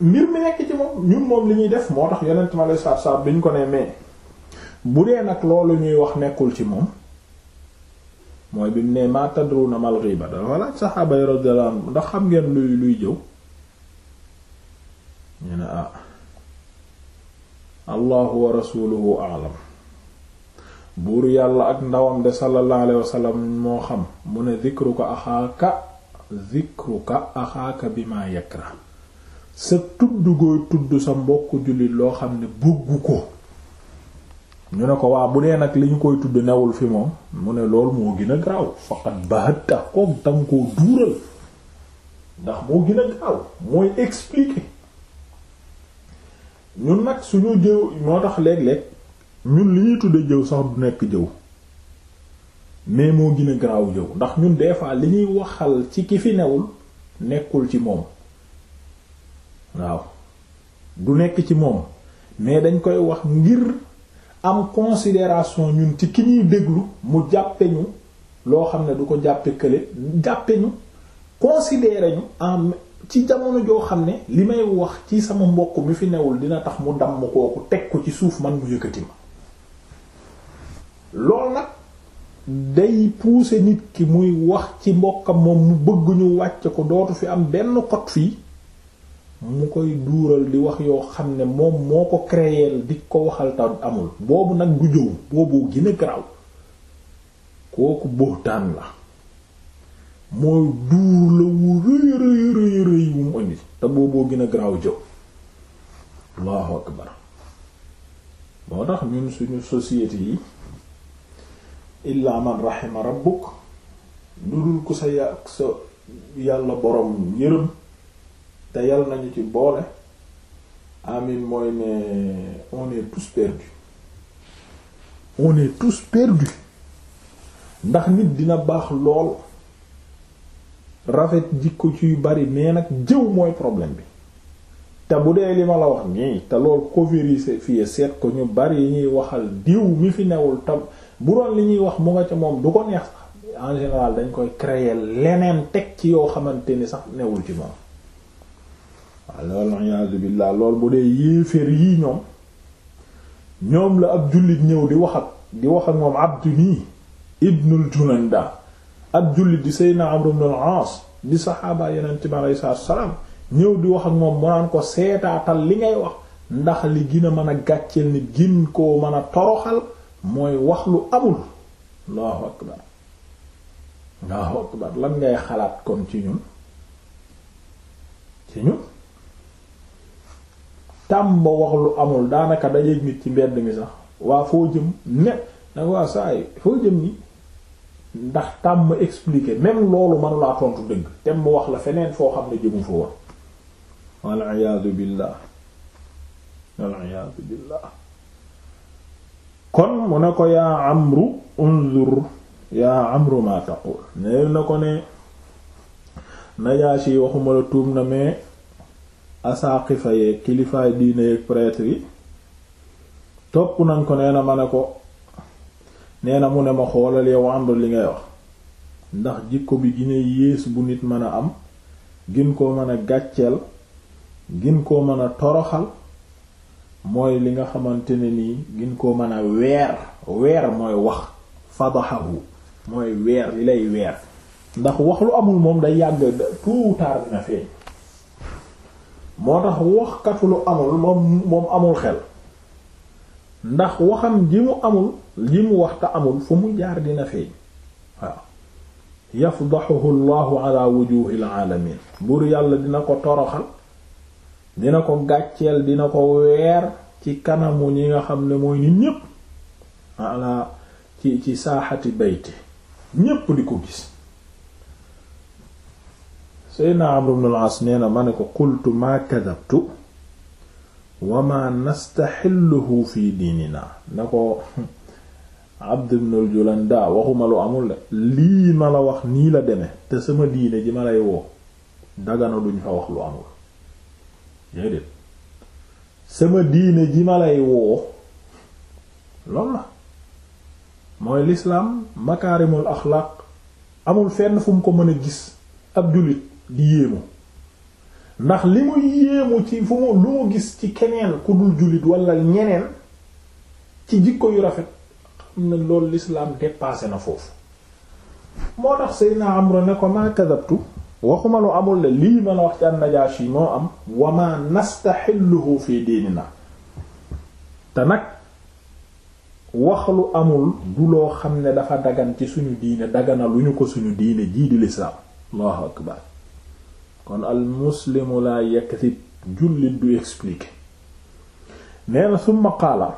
mbir mi nekk ci moom ñun moom li ñuy def moo tax yonent ma lay saab saab bi ñu ko ne mais bu dee nag loolu ñuy wax nekkul ci moom mooy bi mu ne ma tadruna mal dafa laaj saxaaba yi ndax xam ngeen luy luy jëw ñu ne ah allahu wa rasuluhu a'lam buur yàlla ak ndawam de sallallahu alayhi wasallam moo xam mu ne dhikruka axaaka dhikruka axaaka bima yakra sa tudd gooy tudd sa mbokk jullit loo xam ne bëggu ko ñu ne ko waa bu dee nag li ñu koy tudd newul fi moom mu ne loolu moo gën a garaaw faqat bahatta koog danga koo duural ndax moo gën a garaaw mooy expliquer ñun nag suñu jëw moo tax léeg-léeg ñun li ñuy tudd jëw sax du nekk jëw mais moo gën a garaaw jëw ndax ñun des fois li ñuy waxal ci ki fi newul nekkul ci moom waaw du nekk ci moom mais dañ koy wax ngir am considération ñun ci ki ñuy déglu mu jàppe ñu loo xam ne du ko jàppe kële jàppe ñu considéré ñu en ci jamono joo xam ne li may wax ci sama mbokk mi fi newul dina tax mu damm kooku teg ko ci suuf man mu yëkkati ma loolu nag day pousser nit ki muy wax ci mbokkam moom mu bëgg ñu wàcc ko dootu fi am benn kot fii mu koy duural di wax yoo xam ne moom moo ko créer di ko waxal ta amul boobu nag du jëw boobu gën a garaaw kooku buxtaan la mooy duur la wu rëy rëy rëy wu mu indi te booboo gën a garaaw jëw allahu akbar moo tax ñun suñu société yi illaa man rahima rabbuk lu dul ku sa yà- sa yàlla borom yërëm te yal nañu ci boole amin mooy ne on est tous perdus on est tous perdus ndax nit dina baax lool rafet jikko ci yu bari mais nag jëw mooy problème bi te bu dee li ma la wax nii te loolu ko vérifier seet ko ñu bari yi ñuy waxal diw mi fi newul tam bu doon li ñuy wax mu nga ca moom du ko neex sax en général dañ koy créer leneen teg ci yoo xamante ni sax newul ci moom wal iyaadu billaah lool bu dee yéeféer yii ñoom ñoom la ab jullit ñëw di wax ak di wax ak moom abdu nii ibnul julanda ab jullit di seydna amru ibnul aas di saxaaba yonent bi aleyhi salaatu salaam ñëw di wax ak moom mu naan ko seetaatal li ngay wax ndax li gën a mën a gàcceel nit gin koo mën a toroxal mooy wax lu amul allahu akbar allahu akbar lan ngay xalaat kon ci ñun ci ñun tàmba wax lu amul daanaka dajeeg nit ci mbedd mi sax waa foo jëm ne nag waa saa foo jëm ni ndax tàmm expliquer même loolu manulaa tontu dëgg te mu wax la feneen foo xam ne jëmu fa woon wal iyaadu billah wal iyaadu billah kon mu ne ko yaa amru unzur yaa amru ma taqul ne na ko ne Najaasi waxuma la tuub na mais asaaqifa yeeg kilifaay diine yeeg prêtre topp nañ ko nee na ma ne ko nee na mu ne ma xoolal yow li ngay wax ndax jikko bi gine yées bu nit mën a am gin koo mën a gàcceel gin koo mën a toroxal mooy li nga xamante ne nii gin koo mën a weer weer mooy wax fadahahu mooy weer li lay weer ndax wax lu amul moom day yàgg tôt ou tard feeñ moo tax waxkatu lu amul moom moom amul xel ndax waxam ji mu amul ji mu waxta amul fu mu jaar dina feeñ waaw yafdaxuhu llahu ala wujuhil alamin buur yàlla dina ko toroxal dina ko gàcceel dina ko weer ci kanamu ñi nga xam ne mooy nit ñépp ci ci saaxati bayti ñépp di ko gis Seydina Amr ibn al-As na ma ne ko kultu maa kadabtu wa maa nastaxilluhu fi diininaa na ko (laughs) Abd ibn al-Julanda waxuma lu amul lii ma la wax nii la deme te sama diine ji ma lay woo dagana duñ fa wax lu amul sama diine ji ma lay woo loolu la mooy lislaam makaarimul axlaaq amul fenn fu mu ko mën a gis ab jullit di yéemu ndax li mu yéemu ci fu mu lu gis ci keneen ku dul jullit wala ñeneen ci jikko yu rafet xam ne loolu l'islam dépassé na foofu moo tax Seydina Amru ne ko ma kadabtu waxuma lu amul la lii ma la wax ci an-Najaashi moo am wa ma nastaxilluhu fi diinina te nag wax lu amul du loo xam ne dafa dagan ci suñu diine dagana lu ñu ko suñu diine jii di lislaam Allahu akbar kon al muslimu laa yakzib jullit du expliquer nee na summa qaala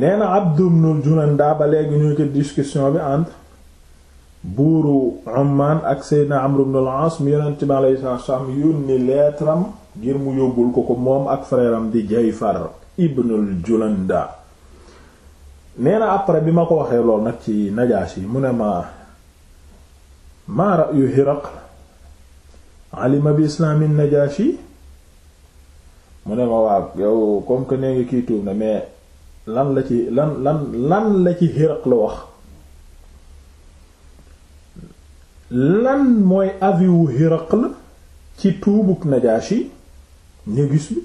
nee na Abd ibn ba léegi ñu ko discussion bi entre buuru Oman ak Seydina Amr ibn al mi yonent bi alayhi ngir mu yóbbul ko ko moom ak frère di Jayfar ibnul Julanda nee après bi ma ko waxee lool nag ci yi mu ne ma maa ra'yu Hiraql alima bi islaami najashi mu ne ma waaw yow comme que nee kii tuub na mais lan la ci lan lan la ci Hiraq la wax lan mooy avis wu Hiraq la ci tuubuk najashi ñu gis bi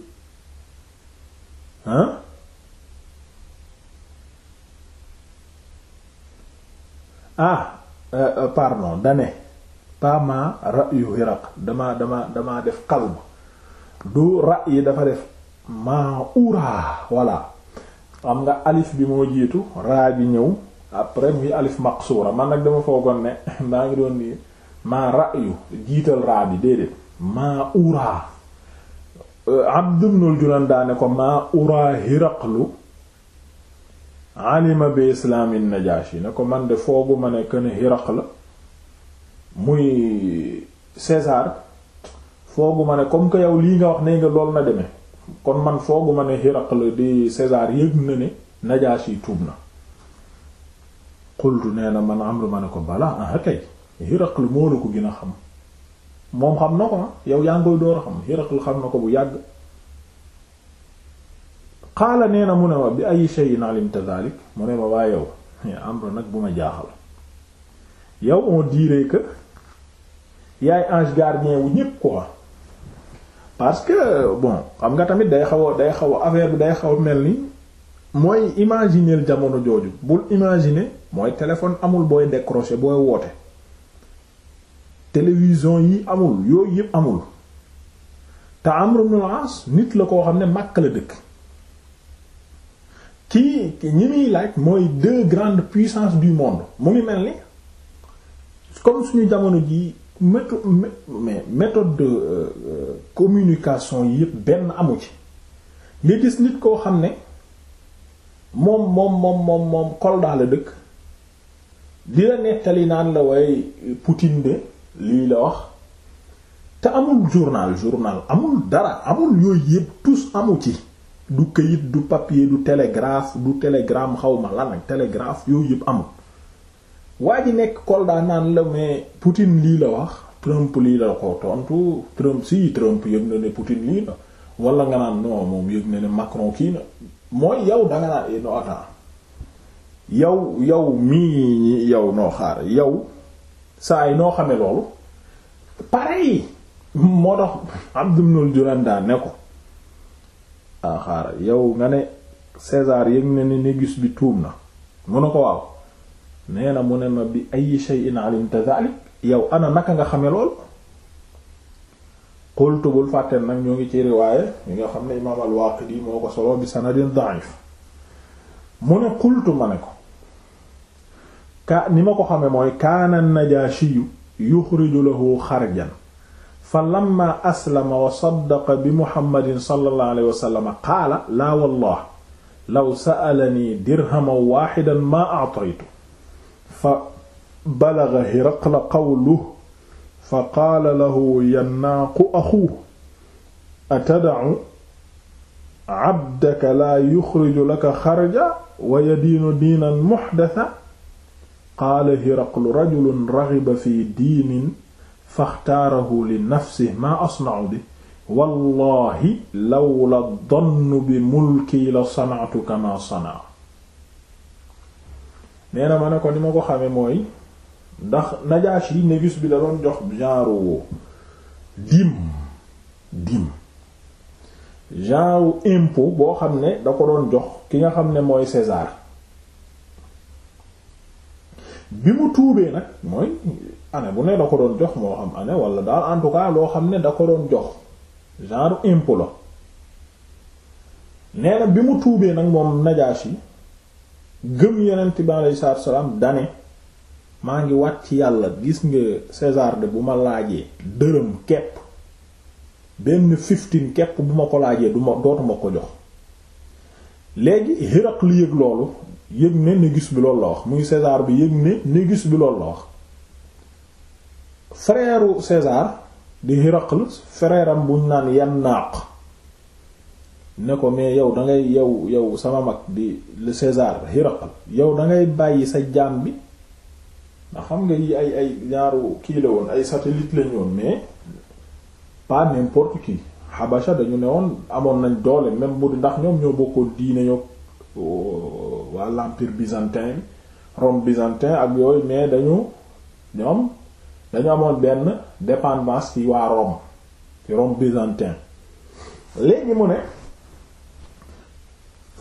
ah ah pardon dane pas ma ra'yu Hiraq dama dama dama def kalb du ra'yi dafa def maa uraa voilà xam nga alif bi moo jiitu raa bi ñëw après muy alif maqsuura man nag dama foogoon ne (laughs) maa ngi doon nii maa ra'yu jiital raa bi déedéet maa uraa euh, Abd ibn al-Julan ko maa uraa Hiraqlu alima bi islaamin Najaashi ne ko man de foogu ma ne kën Hiraq la muy César fooguma ne comme que yow lii nga wax ne lool na demee kon man fooguma ne Hiraql di César yëg na ne Najaasi tuub na qultu nee na man Amru ma ne ko bala ah kay Hiraql moo la ko gin a xam moom xam na ko ah, yow yaa ngi door a xam Hiraql xam na ko bu yàgg xaala nee na mu ne ma bi ay shay'in alimta dhalik mu ne ma waa yow Amru nag bu ma jaaxal yow on dirait que yaay ange gardien wu ñépp quoi parce que bon xam nga tamit day xaw a day xaw a affaire bi day xaw mel ni mooy imaginer jamono jooju bul imaginer mooy téléphone amul booy décrocher booy woote télévision yi amul yooyu yëpp amul te Amr ibn nit la koo xam ne Makka la dëkk kii ñi muy laaj mooy deux grandes puissances du monde mu ngi mel ni comme suñu jamono ji méthode mais méthode de euh, euh, communication yi yëpp benn amu ci nga nit koo xam ne moom moom moom moom moom Kolda la dëkk di la nettali naan la way Poutine de lii la wax te amul journal journal amul dara amul yooyu yëpp tous amu ci du këyit du papier du télégraphe du télégramme xaw ma lan ak télégraphe yooyu yëpp amul. waa ji nekk Kolda naan la mais Poutine lii la wax Trump lii la ko tontu Trump si Trump yëg na ne Poutine lii la wala nga naan non moom yëg na ne Macron kii na mooy yow danga naan eh, no attends yow yow mii yow noo xaar yow saa yi noo xame loolu pareil moo tax Abd ibn Julanda ne ko ah xaar yow nga ne César yëg na ne négus bi tuub na mun na ko waaw nee na mu ne ma bi ay yow ana naka nga xame lool qultu bul fàtte nag ñoo ngi ci riwaaye yi xam ne imaam al-Waaqidi solo bi sanadin da'if mu ne qultu ma ne ko ka ni ma ko xame mooy kaana an-Najaashi yuxriju lahu xarjan fa lamma aslama wa bi Muhammadin sallallahu alayhi wa sallam qaala laa wallah law sa'alanii dirhaman waahidan maa a'taytu fa balaga hiraqla qawluhu fa qaala lahu yannaaqu axuuhu atada'u abdaka laa yuxriju laka xarja wa yadiinu diinan muxdasa qaala hiraqlu rajulun raxiba fi diinin faxtaarahu li nafsihi maa asna'u bihi wallaahi lawla dannu bi mulkii la sana'tu kamaa sana'a nee na ma ne ko ni ma ko xamee mooy ndax najaas yi négus bi da doon jox genre dim dim genre impôt boo xam ne da ko doon jox ki nga xam ne mooy César bi mu tuubee nag mooy année bu ne da ko doon jox moo xam année wala daal en tout cas loo xam ne da ko doon jox genre impôt la nee na bi mu tuubee nag moom najaas yi gëm yonent bi alayhi salaatu salaam dane maa ngi wàcc yàlla gis nga César de bu ma laajee dërëm kepp benn fifteen kepp bu ma ko laajee du ma dootuma ko jox léegi Hiraql yëg loolu yëg ne Négus bi loolu la wax muy César bi yëg ne Négus bi loolu la wax frère César di Hiraql frère buñ naan Yannaq ne ko mais yow da ngay yow yow sama mag di le César Hiraqal yow da ngay bàyyi sa jaan bi ndax xam nga yi ay ay ñaaru kii la woon ay satellite lañu woon mais pas n'importe qui Habasha dañu ne woon amoon nañ doole même bu ndax ñoom ñoo bokkoon diine ñoo oh, waa l'empire byzantin Rome byzantin ak yooyu mais dañu ñoom dañu amoon benn dépendance ci waa Rome ci Rome byzantin léegi mu ne.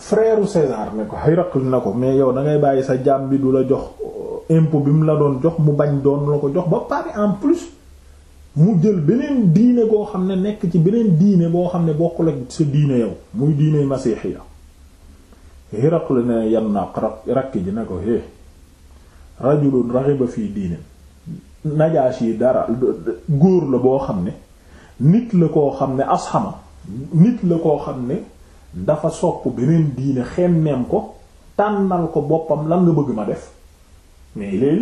frère César ne ko Hiraql na ko mais yow da ngay bàyyi sa jaam bi du la jox euh, impôt bi mu la doon jox mu bañ doon la ko jox ba pare en plus mu jël beneen diine goo xam ne nekk ci beneen diine boo xam ne bokkul ak sa diine yow muy diine masiixiya Hiraql ne yan naaq rakk ji ne ko é rajulun raxiba fii diine najaas yi dara góor la boo xam ne nit la koo xam ne asxama nit la koo xam ne dafa sopp beneen diine xemmeem ko tànnal ko boppam lan nga bëgg ma def mais il est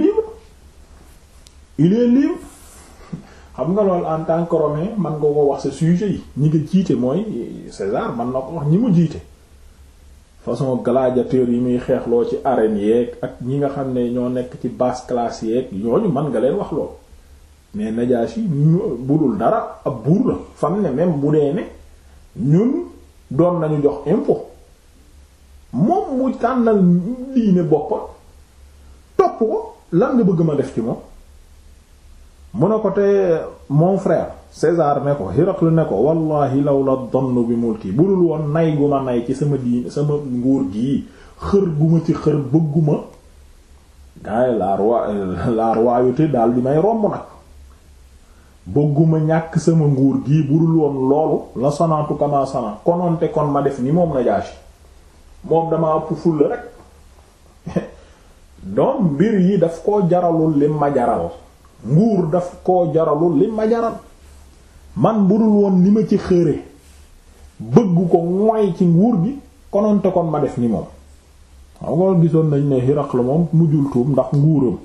il est (laughs) xam nga loolu en tant que man nga ko wax sa sujet yi ñi nga jiite mooy César man na ko wax ñi mu jiite façon gladiateur yi muy xeexloo ci arène yeeg ak ñi nga xam ne ñoo nekk ci basse classe yeeg ñooñu man nga leen wax lool mais Najaasi budul dara ak buur la fam ne même bu dee ne ñun doon nañu jox impo moom mu tànnal diine boppam topp ko lan nga bëgg ma def ci moom mu ne ko te mon frère César ne ko Hiraql ne ko wallahi law la donn bi mulki bu dul woon nay gu ma nay ci sama diine sama nguur gii xër gu ma ci xër bëgguma gaay la roi euh, la royauté daal di may romb nag bëgguma ñàkk sama nguur gii budul woon loolu la sanantu kama sanant kon ma def ni moom Najaasi moom dama ëpp fulla rek (laughs) donc mbir yi daf ko jaralul lim ma jaral nguur daf koo jaralul lim ma jaral man budul woon li ma ci xëre bëgg ko mooy ci nguur gi konoonte kon ma def ni moom waaw kon gisoon nañ ne Hiraql moom mujjul tuub ndax nguuram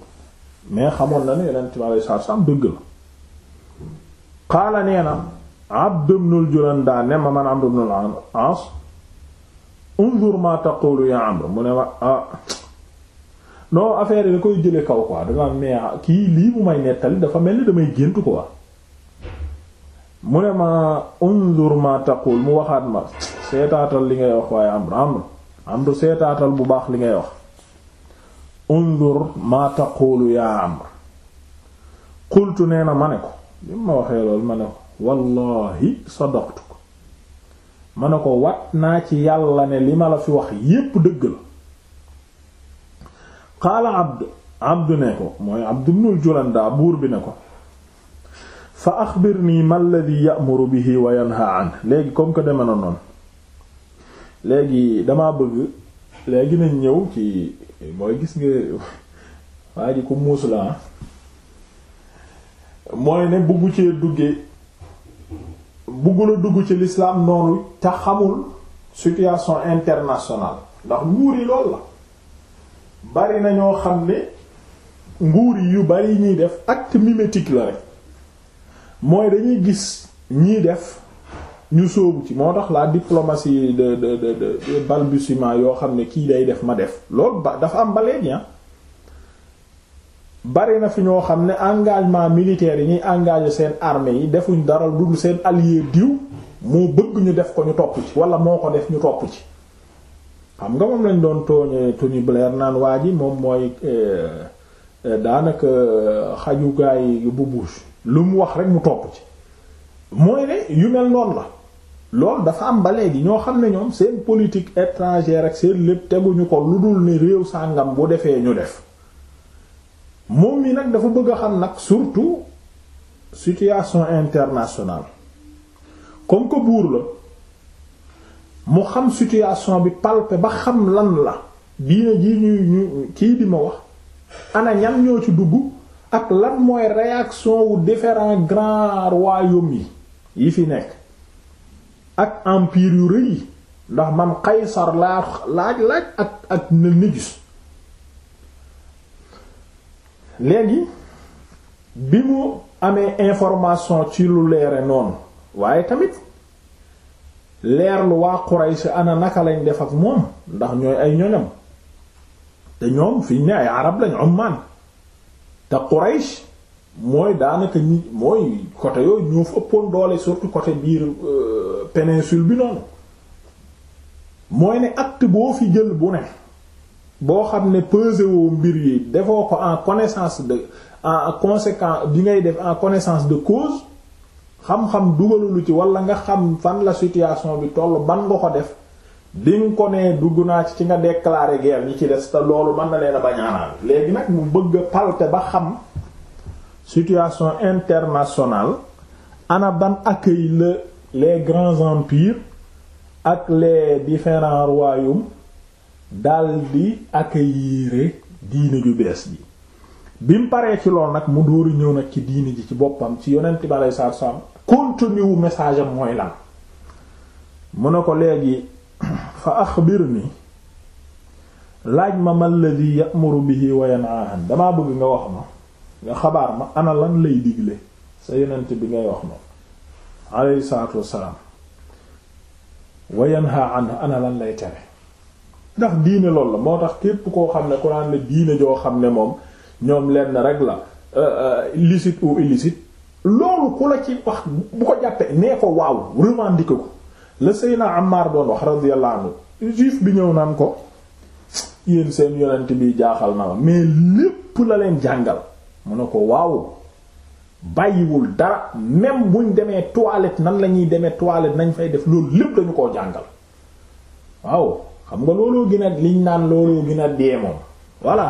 mais xamoon na ne yeneen time alay saar saam dëgg la qaala nee na Abd ibn al-Julanda ne ma man Amr ibn al-As unzur ma taqulu ya Amr mu ne ma ah non affaire yi da koy jële kaw quoi dafa mais ah, kii lii mu may nettali dafa mel ni damay gént quoi mu ne ma unzur ma taqul mu waxaat ma seetaatal li ngay wax waaye Amr Amr Amr seetaatal bu baax li ngay wax unzur ma taqulu ya Amr qultu nee na ma ne ko li ma waxee loolu ma ne ko wallahi sadaqtu ko ma ne ko wat naa ci yàlla ne li ma la fi wax yépp dëgg la qaala abd abd ne ko mooy abd ibnul julanda buur bi ne ko fa axbirnii ma alladhi ya'muru bi wa yanha an léegi comme que deme na noon léegi damaa bëgg léegi nañ ñëw ci mooy gis nga (laughs) waa ji ku muus la ah. mooy ne buggu cee duggee buggula dugg ci lislaam noonu te xamul situation internationale ndax nguur yi lool la bari na ñoo xam ne nguur yu bari ñuy def acte mimétique la rek mooy dañuy gis ñiy def ñu soobu ci moo tax la diplomatie de de de de balbutiement yoo xam ne kii day def ma def lool ba dafa am ba léegi ah. bari na fi ñoo xam ne engagement militaire yi ñuy engagé seen armée yi defuñ dara lu dul seen allié diw moo bëgg ñu def ko ñu topp ci wala moo ko def ñu topp ci xam nga moom lañ doon tooñee Tony Blair naan waa ji moom mooy euh, euh, daanaka euh, xajugaay bu Bush lu mu wax rek mu topp ci mooy ne yu mel noonu la loolu dafa am ba léegi ñoo xam ne ñoom seen politique étrangère rek seen lépp teguñu ko lu dul ne réew sàngam bu defee ñu def moom mi nag dafa bëgg a xam nag surtout situation internationale comme que buur la mu xam situation bi palper ba xam lan la diina ji ñu ñu kii di ma wax ana ñan ñoo ci dugg ak lan mooy réaction wu différents grands royaumes yi yi fi nekk ak empire yu rëy yi ndax man kaysar laaj laaj ak ak na léegi bi mu amee information ci lu leere noonu waaye tamit leer lu waa si ana naka lañ def ak moom ndax ñooy ay ñoñam te ñoom fi ne ay arab lañ Umman te Quraysh mooy daanaka ñi mooy côté yooyu ñoo fa ëppoon doole surtout côté biir euh, péninsule bi noonu mooy ne acte boo fi jël bu ne boo xam ne pesé woo mbir yi defoo ko en connaissance de en conséquence bi ngay def en connaissance de cause xam-xam dugalulu ci wala nga xam fan la situation bi toll ban nga ko def di nga ko ne dugg naa ci ci nga déclarer guerre ñi ci des te loolu mën na leen a bañaanaan léegi nag mu bëgg a palte ba xam situation internationale ana ban accueil la les grands empires ak les différents royaumes daldi accueillir diine ju bees bi bi mu paree ci lool nag mu dóori ñëw nag ci diine ji ci boppam ci yonent bi aleyhi salaatu salaam contenu wu message am mooy lan mu ne ko léegi (clears throat) fa ni laaj ma ma alladhi ya'muru bihi wa yanha damaa bëgg nga wax ma nga xabaar ma ana lay digle sa yonent bi ngay wax ma aleyhi salaatu wassalaam wa yanha anhu ana lay tere ndax diine loolu la moo tax képp koo xam ne ku naan ne diine joo xam ne moom ñoom lenn rek la euh, euh, licite ou illicite loolu ku la ci wax bu ko jàppee nee ko waaw revendiquer ko la Seydina Ammar doon wax radiyallahu juif bi ñëw naan ko yéen seen yonent bi jaaxal na la mais lépp la leen jàngal mu ne ko waaw bàyyiwul dara même buñ demee toilette nan la ñuy demee toilette nañ fay def loolu lépp dañu koo jàngal waaw xam nga looloo gën a liñ naan looloo gën a dee moom voilà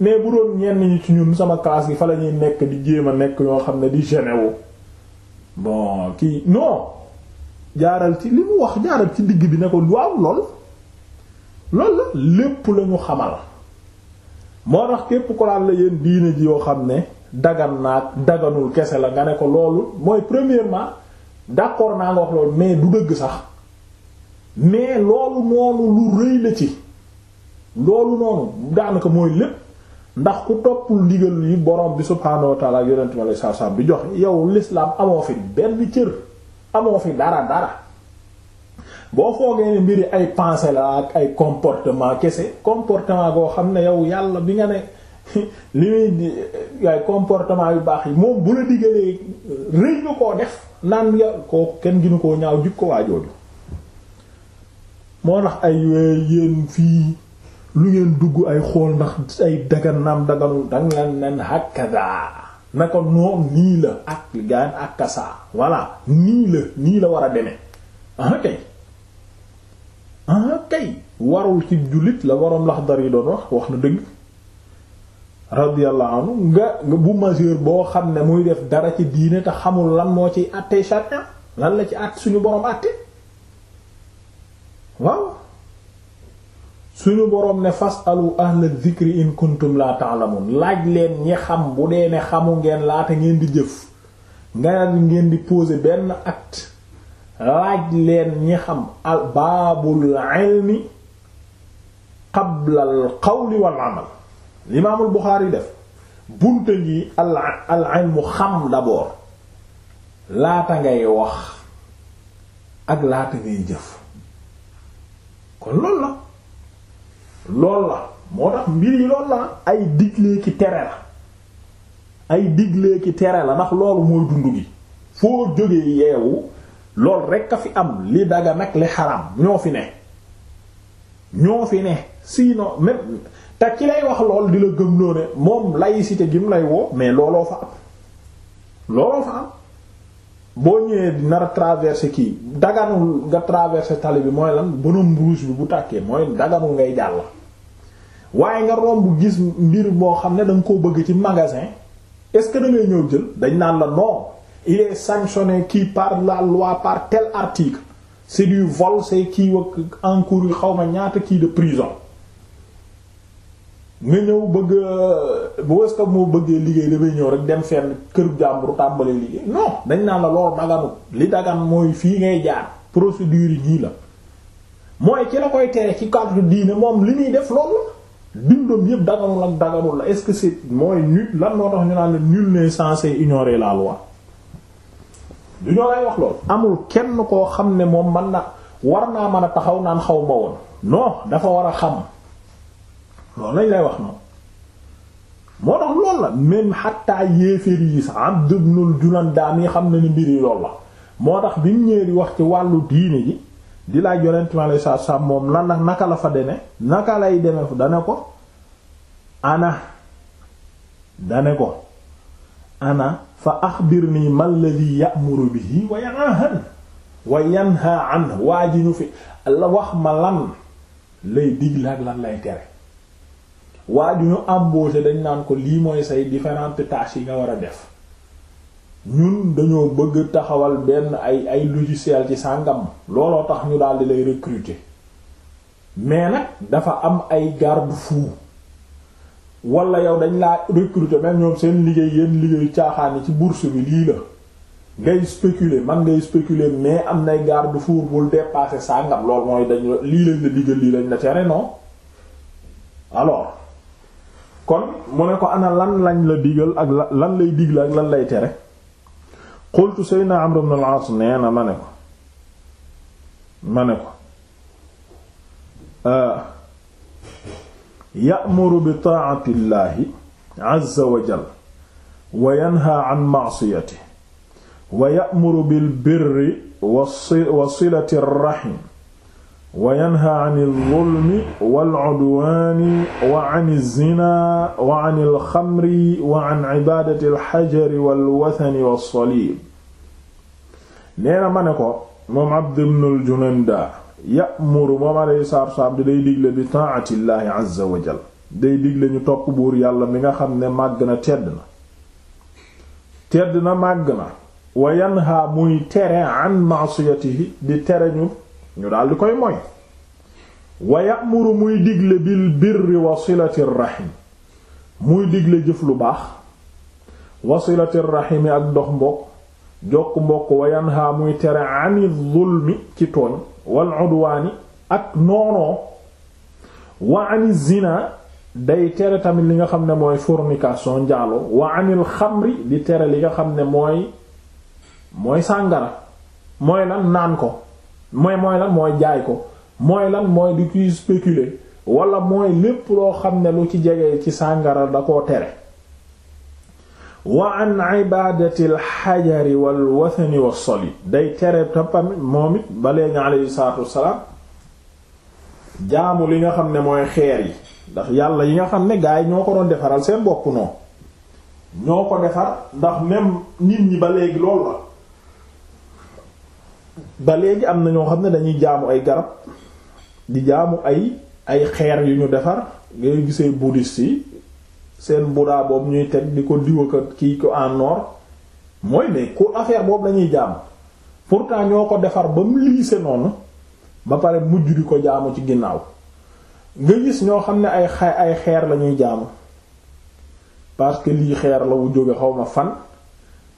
mais bu doon ñenn ñi ci ñun sama classe gi fa lañuy nekk di jéem a nekk ñoo xam ne di genéwo bon kii non jaaral ci li mu wax jaaral ci digg bi ne ko waaw lool lool la lépp la ñu xamal moo tax képp ko la yéen diine ji yoo xam ne dagan naa daganul kese la nga ne ko loolu mooy premièrement d'accord naa nga wax loolu mais du dëgg sax mais loolu noonu lu rëy la ci loolu noonu daanaka mooy lépp ndax ku toppul ndigal yi borom bi subhaanahu wa ta'ala yonent bi alayhi salaam bi joxe yow l'islam amoo fi benn cër amoo fi dara dara boo foogee ne mbiri ay pensée la ak ay comportement kese comportement goo xam ne yow yàlla bi nga ne (laughs) li muy ay comportement yu baax yi moom bu la diggalee rëy nga koo def naan nga ko kenn ginu koo ñaaw jikko waa jooju moo tax ay yéen fii lu ngeen dugg ay xool ndax ay dagan naam daganul dang lan nen hakada naka nii la ak li gaan ak kasaa voilà nii la nii la war a demee ah kay ah kay warul ci jullit la waroom Laxdari yi doon wax wax na dëgg radiyallahu anhu nga bu majeur boo xam ne muy def dara ci diine te xamul lan moo ci àttee charia lan la ci àtt suñu borom àtte waaw suñu boroom ne fasalu ahla dhikri in kuntum la ta'lamun laaj leen ñi xam bu dee ne xamu ngeen laata ngeen di jëf nga ngeen di poser benn acte laaj leen ñi xam al baabul ilmi qabla al qawli wal amal limaamul Buxaari def bunta ngi al al ilmu xam d'abord laata ngay wax ak laata ngay jëf kon loolu na loolu la moo tax mbir yi loolu la ay diglee ki tere la ay diglee ki tere la ndax loolu mooy dund gi foo jógee yeewu loolu rekk a fi am li daga nag li xaram ñoo fi ne ñoo fi ne sinon même te ki lay wax lool di la gëm loo ne moom laïcité gi mu lay woo mais looloo fa am looloo fa am boo ñëwee nar a traversé kii daganul nga traversé tali bi mooy lan bonum rouge bi bu tàkkee mooy daganul ngay jàll waaye nga romb gis mbir boo xam ne da ko bëgg ci magasin est-ce que da ngay ñëw jël dañ naan la non il est sanctionné kii par la loi par tel article c'est du vol c'est kii ak encours yi xaw ma ñaata kii de prison nga ñëw bëgg bu est-ce moo bëggee liggéey dafay ñëw rek dem fenn kër jàmbur tàmbalee liggéey non dañ naa la loolu daganut li dagan mooy fii ngay jaar procédure yi nii la mooy ci la koy tere ci cadre diine moom li muy def loolu bindoom yëpp daganul ak daganul la est-ce que c'est mooy nul lan moo tax ñu naan la nul n'est censé ignorer la loi du ñoo lay wax lool amul kenn koo xam ne moom man na war naa mën a taxaw naan xaw ma woon non dafa war a xam. lool lañ lay wax noonu moo tax loolu la même xattaa yéeféer yi sax Abd ibnul Junandaan yi xam na ni mbir yi loolu la moo tax bi mu ñëwee di wax ci wàllu diine ji di laaj yonent mi alayhi salaatu salaam moom lan nag naka la fa deme naka lay deme fa dane ko ana dane ko ana fa axbirnii ma alladhi ya'muru bihi wa yanha wa yanha anhu waa ji ñu fi wax ma lan lay digle ak lan lay tere waa ju ñu embauché dañ naan ko lii mooy say différentes tâches yi nga war a def ñun dañoo bëgg taxawal benn ay ay logiciel ci sàngam looloo tax ñu daal di lay recruter mais nag dafa am ay garde-fous yow dañ laa recruter même ñoom seen liggéey yéen liggéeyu caaxaan yi ci bourse bi lii la ngay spéculer man ngay spéculer mais am nay garde-fous bul dépasser sàngam lool mooy dañ lii lañ la digal lii lañ la tere non alors kon mu ne ko ana lan lañ la digal ak lan lay digle ak lan lay tere qultu sayna Amr ibn al-As nee na ma ne ko ma ne ko ah, ya'muru bi ta'ati llahi 'azza wa jalla wa yanha 'an ma'siyatihi wa ya'muru bil birri was silati rahim wa yanha wa an az-zinaa wa an al-xamri ma ne ko moom Abd ibn al-Junanda ya'muru moom alayhi salaatu wa salaam day digle bi taa'ati llaahi azza wa day digle ñu topp buur yàlla mi nga xam ne màgg na tedd na tedd na màgg na wa yanha muy tere an ma'siyatihi di tere ñu ñu daal di koy moy wa ya'muru muy digle bil birri wa silati rahim muy digle jëf lu baax wa silati rahimi ak ndox mbokk jokk mbokk wa yanha muy tere ani zulmi ci tooñ wal udwaani ak noonoo wa ani zina day tere tamit li nga xam ne mooy fornication njaaloo wa anil xamri di tere li nga xam ne mooy mooy sàngara mooy la naan ko mooy mooy lan mooy jaay ko mooy lan mooy di kuy spéculer wala mooy lépp loo xam ne lu ci jege ci sàngara da koo tere wa an ibadati alxajari walwasani wasoli day tere tappam moom it ba léegi aleyhi salaatu wassalaam jaamu li nga xam ne mooy xeer yi ndax yàlla yi nga xam ne gars yi ñoo ko doon defaral seen bopp noonu ñoo ko defar ndax même nit ñi ba léegi loolu la ba léegi am na ñoo xam ne dañuy jaamu ay garab di jaamu ay ay xeer yu ñu defar ngay gisee bouddhiste yi seen budaa boobu ñuy teg di ko diwa ko kii ko en or mooy mais ku affaire boobu lañuy jaamu pourtant ñoo ko defar ba mu liise noonu ba pare mujj di ko jaamu ci ginnaaw nga gis ñoo xam ne ay ay xeer lañuy jaamu parce que lii xeer la wu jóge xaw ma fan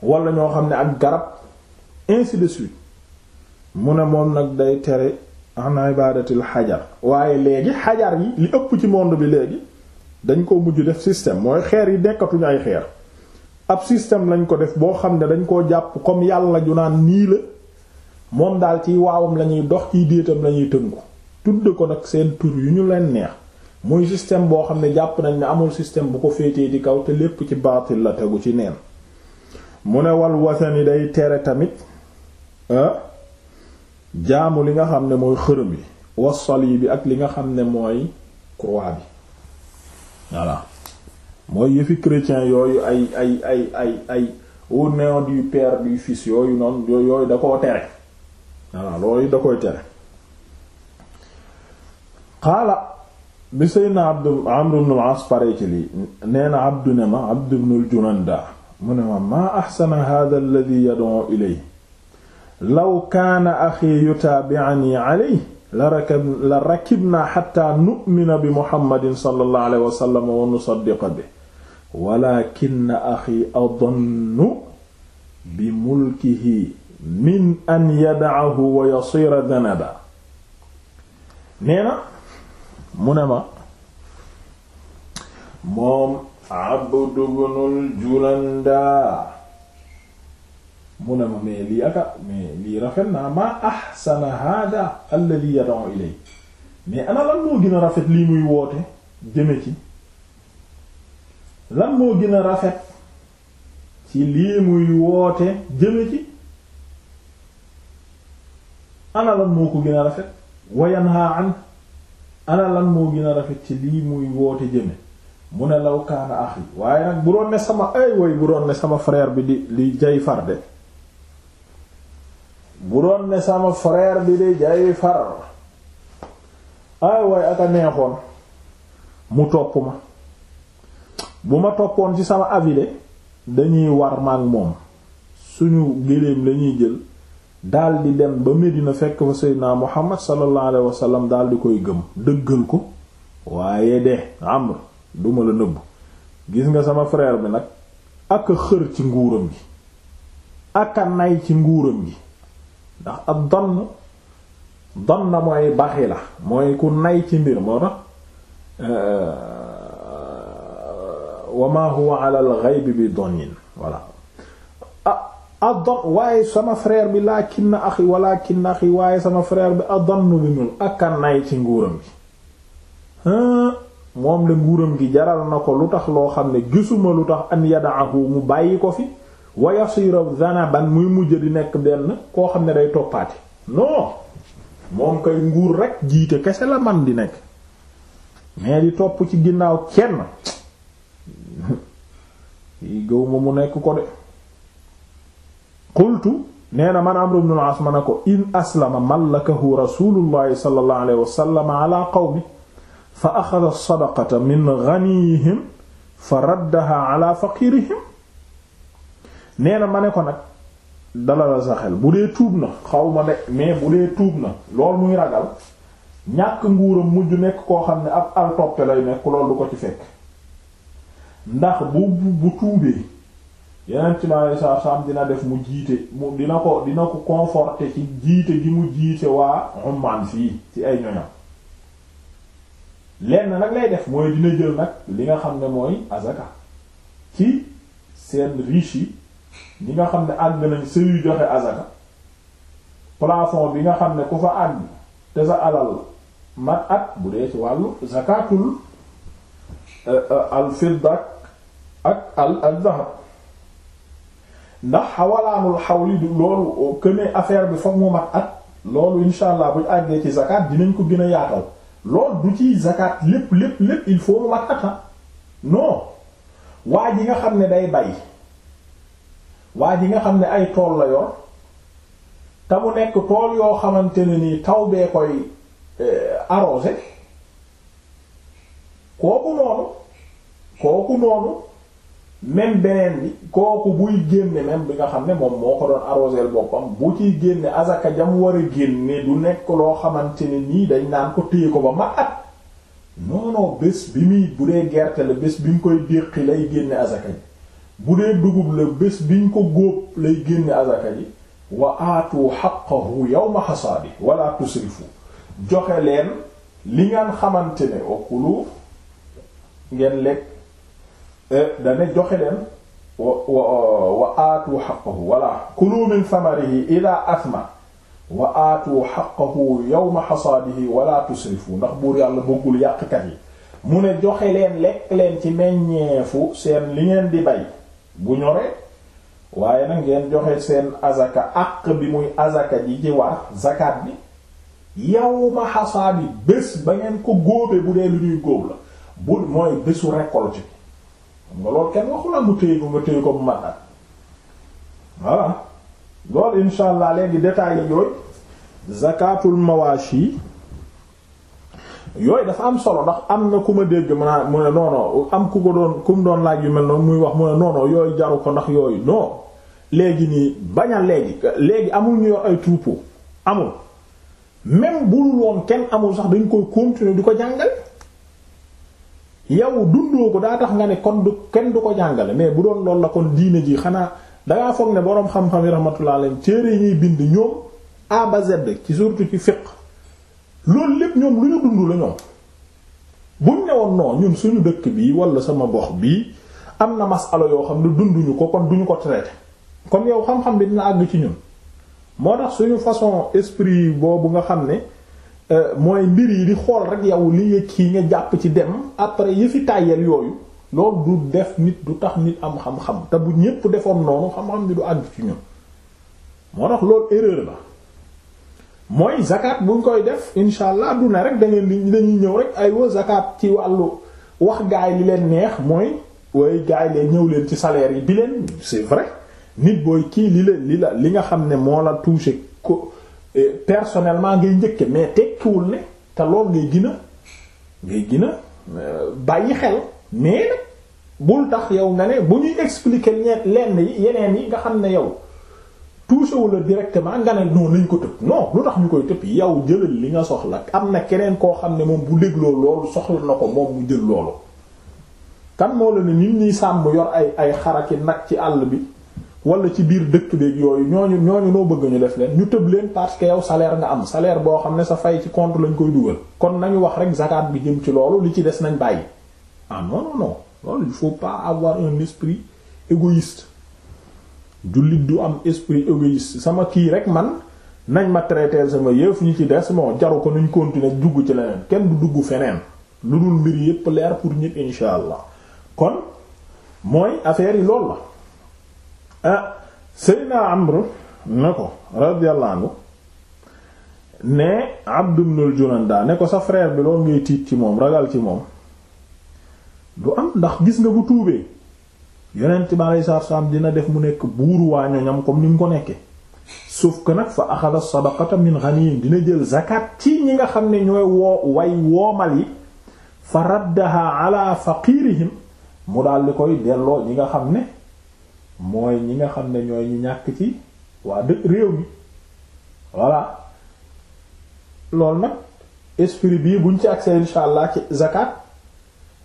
wala ñoo xam ne ak garab ainsi de suite mu ne moom nag day tere an ibadatil xajar waaye léegi xajar yi li ëpp ci monde bi léegi dañ ko mujj def système mooy xeer yi nekkatuñu ay xeer ab système lañ ko def boo xam ne dañ koo jàpp comme yàlla ju naan nii la moom daal ci waawam lañuy dox ciy déetam lañuy tëngu tënku tudd ko nag seen tur yu ñu leen neex muy système boo xam ne jàpp nañ ne amul système bu ko féetee di kaw te lépp ci baatil la tegu ci neen mu ne wal yi day tere tamit ah, jaamu li nga xam ne mooy xërëm yi wasali bi ak li nga xam ne mooy croix bi voilà mooy yëfi chrétien yooyu ay ay ay ay ay au nom du père du fils yooyu noonu yooyu da koo tere voilà loolu da koy tere xaala bi Seydina Abdu Amru ibn al-As ci lii nee na ne ma Abdu ibn al-Julanda mu ne ma maa ahsana hadha alladhi yad'u ilayhi law kaana axi yutaabi'anii alayhi la rakibnaa xatta nu'mina bi muhammadin sallallahu alayhi wa sallam wa nusaddiqa bihi walaakinna axi adannu bi mulkihi min an yada'ahu wa yasiira danaba nee na mu ne ma moom Abdu bnul Julanda mu ne ma mais lii aka mais lii rafet naa maa ahsana hada alladhi yad'u ilay a rafet lii muy woote jëme ci lan moo gën a rafet ci lii muy woote jëme ci ana lan moo ko gën a rafet wa yanha an ana moo gën a rafet ci lii muy woote jëme mu ne law kaana axi waaye nag bu doon ne sama ay way bu doon ne sama frère bi di li jay farde bu doon ne sama freer bi de jay far ay waay aka neexoon mu topp ma bu ma toppoon ci sama avide dañuy war maak moom suñu gëléem lañuy jël daldi dem ba Medina fekk fa seydinaa Muhammad sallallahu alayhi wasallam daldi koy gëm dëggal ko waaye de Amr duma la nëbb gis nga sama frère bi nag aka xër ci nguuram gi aka nay ci nguuram gi ndax ab donn donn mooy baxi la mooy ku nay ci mbir moo tax euh, wa ma huwa ala ah, waaye sama frère bi laa kinna axi wala kinna axi waaye sama frère bi adonn bi ñun ak nay ci nguuram gi moom la nguuram gi jaral na ko lu tax loo xam ne gisuma lu tax an yadaahu mu bàyyi ko fi wa yasira zanaban muy mujj di nekk benn koo xam ne day toppaati non moom koy nguur rek jiite kese la man di nekk mais di topp ci ginnaaw kenn yi gëw ma mu nekk ko de qultu nee na man Amru ibn al-As ma ne ko in aslama mallakahu rasulullahi sallallahu alayhi wa axada sadaqata min ghaniyihim fa raddaha ala faqirihim nee na ma ne ko nag dala la sa xel bu dee tuub na xaw ma de mais bu dee tuub na lool muy ragal ñàkk nguuram mujj nekk koo xam ne ab al toppe lay nekk lool du ko ci fekk ndax bu bu tuubee yeneen ci ma sa sam dina def mu jiite mu dina ko dina ko conforter ci jiite gi mu jiite waa Oman fii ci ay ñoñam lenn nag lay def mooy dina jël nag li nga xam ne mooy azaka ci seen riche ñi nga xam ne àgg nañ sëyu joxe azaka plafond bi nga xam ne ku fa àgg te sa alal mat at bu dee ci wàllu zakatul euh, euh, al fidda ak al al dahab ndax xawalaanul xawli du loolu kënee affaire bi foog mu mat at loolu insha allah buñ àggee ci zakat dinañ ko gën a yaatal loolu du ci zakat lépp lépp lépp il faut mu mat at ah. non waa ji nga xam ne day bay waa ji nga xam ne ay tool la yor te mu nekk tool yoo xamante ne nii taw bee koy eh, arrosé kooku noonu kooku noonu même beneen bi kooku buy génne même bi nga xam ne moom moo ko doon arroseel boppam bu ciy génne azaka jam war a génne du nekk loo xamante ne nii dañ naan ko téye ko ba ma at non non bés bi muy bu dee gerte la bés bi mu koy déqi lay génne azaka bu dee dugub la bés biñ ko góob lay génne azaka yi wa aatu haqqahu yawma hasaadi walla tusrifu joxe leen li ngeen xamante ne okulu ngeen lekk e, dana joxe leen wa aatu haqqahu wala kulu min thamarihi ila athma wa aatu haqqahu yawma hasaadihi wala tusrifu ndax buur yàlla bëggul yàqkat yi mu ne joxe leen lekk leen ci meññeefu seen li ngeen di bay bu ñoree waaye nag ngeen joxe seen azaka àq bi muy azaka ji ci war zakat bi yawma xasaa bi bés ba ngeen ko góobee bu dee lu ñuy góob la bu mooy bésu récolte bi xam nga loolu kenn waxu la mu téye ko nga ko bu ma ak voilà loolu insha allah léegi détails yooyu zakatul mawashi yooyu dafa am solo ndax am na ku ma dégg maanaam mu ne non am ku ko doon ku doon laaj yu mel noonu muy wax mu ne non non yooyu jaru ko ndax yooyu non léegi nii bañ a léegi léegi amul ñu yor ay troupeau amul même bu dul woon kenn amul sax dañ koy continuer du ko jàngale. yow dundoo ko daa tax nga ne kon du kenn du ko jàngale mais bu doon loolu la kon diine ji xanaa dangaa foog ne boroom xam-xam yi rahmatullah alayhi téere yi ñuy bind ñoom A ba Z ci surtout ci fiqh. loolu lépp ñoom lu ñu dund la ñoom bu ne woon non ñun suñu dëkk bii wala sama gox bii am na masala yoo xam ne dunduñu ko kon duñu ko traité kon yow xam-xam bi dina àgg ci ñun moo tax suñu façon esprit boobu nga xam ne euh, mooy mbir yi di xool rek yow li nga kii nga jàpp ci dem après yëfi tàyyel yooyu loolu du def nit du tax nit am xam-xam te bu ñépp defoon noonu xam-xam bi du àgg ci ñun moo tax loolu erreur la mooy zakat buñ koy def insha allah du ne rek da ngeen ñu dañuy ñëw rek ay aywa zakat ci wàllu wax gaay li leen neex mooy waaye gaay leen ñëw leen ci salaire yi bi leen c'est vrai nit booy kii li leen li la li nga xam ne moo la touché ko eh, personnellement ngay njëkke mais tekkiwul ne te lool ngay gën a ngay gën a euh, bàyyi xel mais nag bul tax yow nga ne bu ñuy expliquer ñeent lenn yi yeneen yi nga xam ne yow touché wu la directement nga ne non nañ ko tëb non lu tax ñu koy tëb yow jëlal li nga soxla am na keneen koo xam ne moom bu dégloo loolu soxla na ko moom mu jël loolu. kan moo la ne nit ñi sàmm yor ay ay xaraki nag ci àll bi wala ci biir dëkk beeg yooyu ñooñu ñooñu noo bëgg ñu def leen ñu tëb leen parce que yow salaire nga am salaire boo xam ne sa fay ci compte lañ koy dugal kon nañu wax rek zakat bi jëm ci loolu li ci des nañ bàyyi ah non jullit du am esprit égoïste sama kii rek man nañ ma traiter sama yëf ñi ci des moo jaru ko nuñ continuer dugg ci leneen kenn du dugg feneen lu dul mbir yëpp leer pour ñépp insha allah kon mooy affaire yi loolu la ah Seydina Amr ne ko radiyallahu anhu ne Abd ibn al-Julanda ne ko sa frère bi loolu ngay tiit ci moom ragal ci moom du am ndax gis nga bu tuubee yonent bi alayhi salaatu salaam dina def mu nekk buuru waa ñoñam comme ni mu ko nekkee suuf ko nag fa axada sadaqata min ghaniyyin dina jël zakat ci ñi nga xam ne ñooy woo way woomal yi fa raddaha ala faqirihim mu daal di koy delloo ñi nga xam ne mooy ñi nga xam ne ñooy ñi ñàkk ci waa dëkk réew mi voilà loolu nag esprit bii buñ ci accès insha allah ci zakat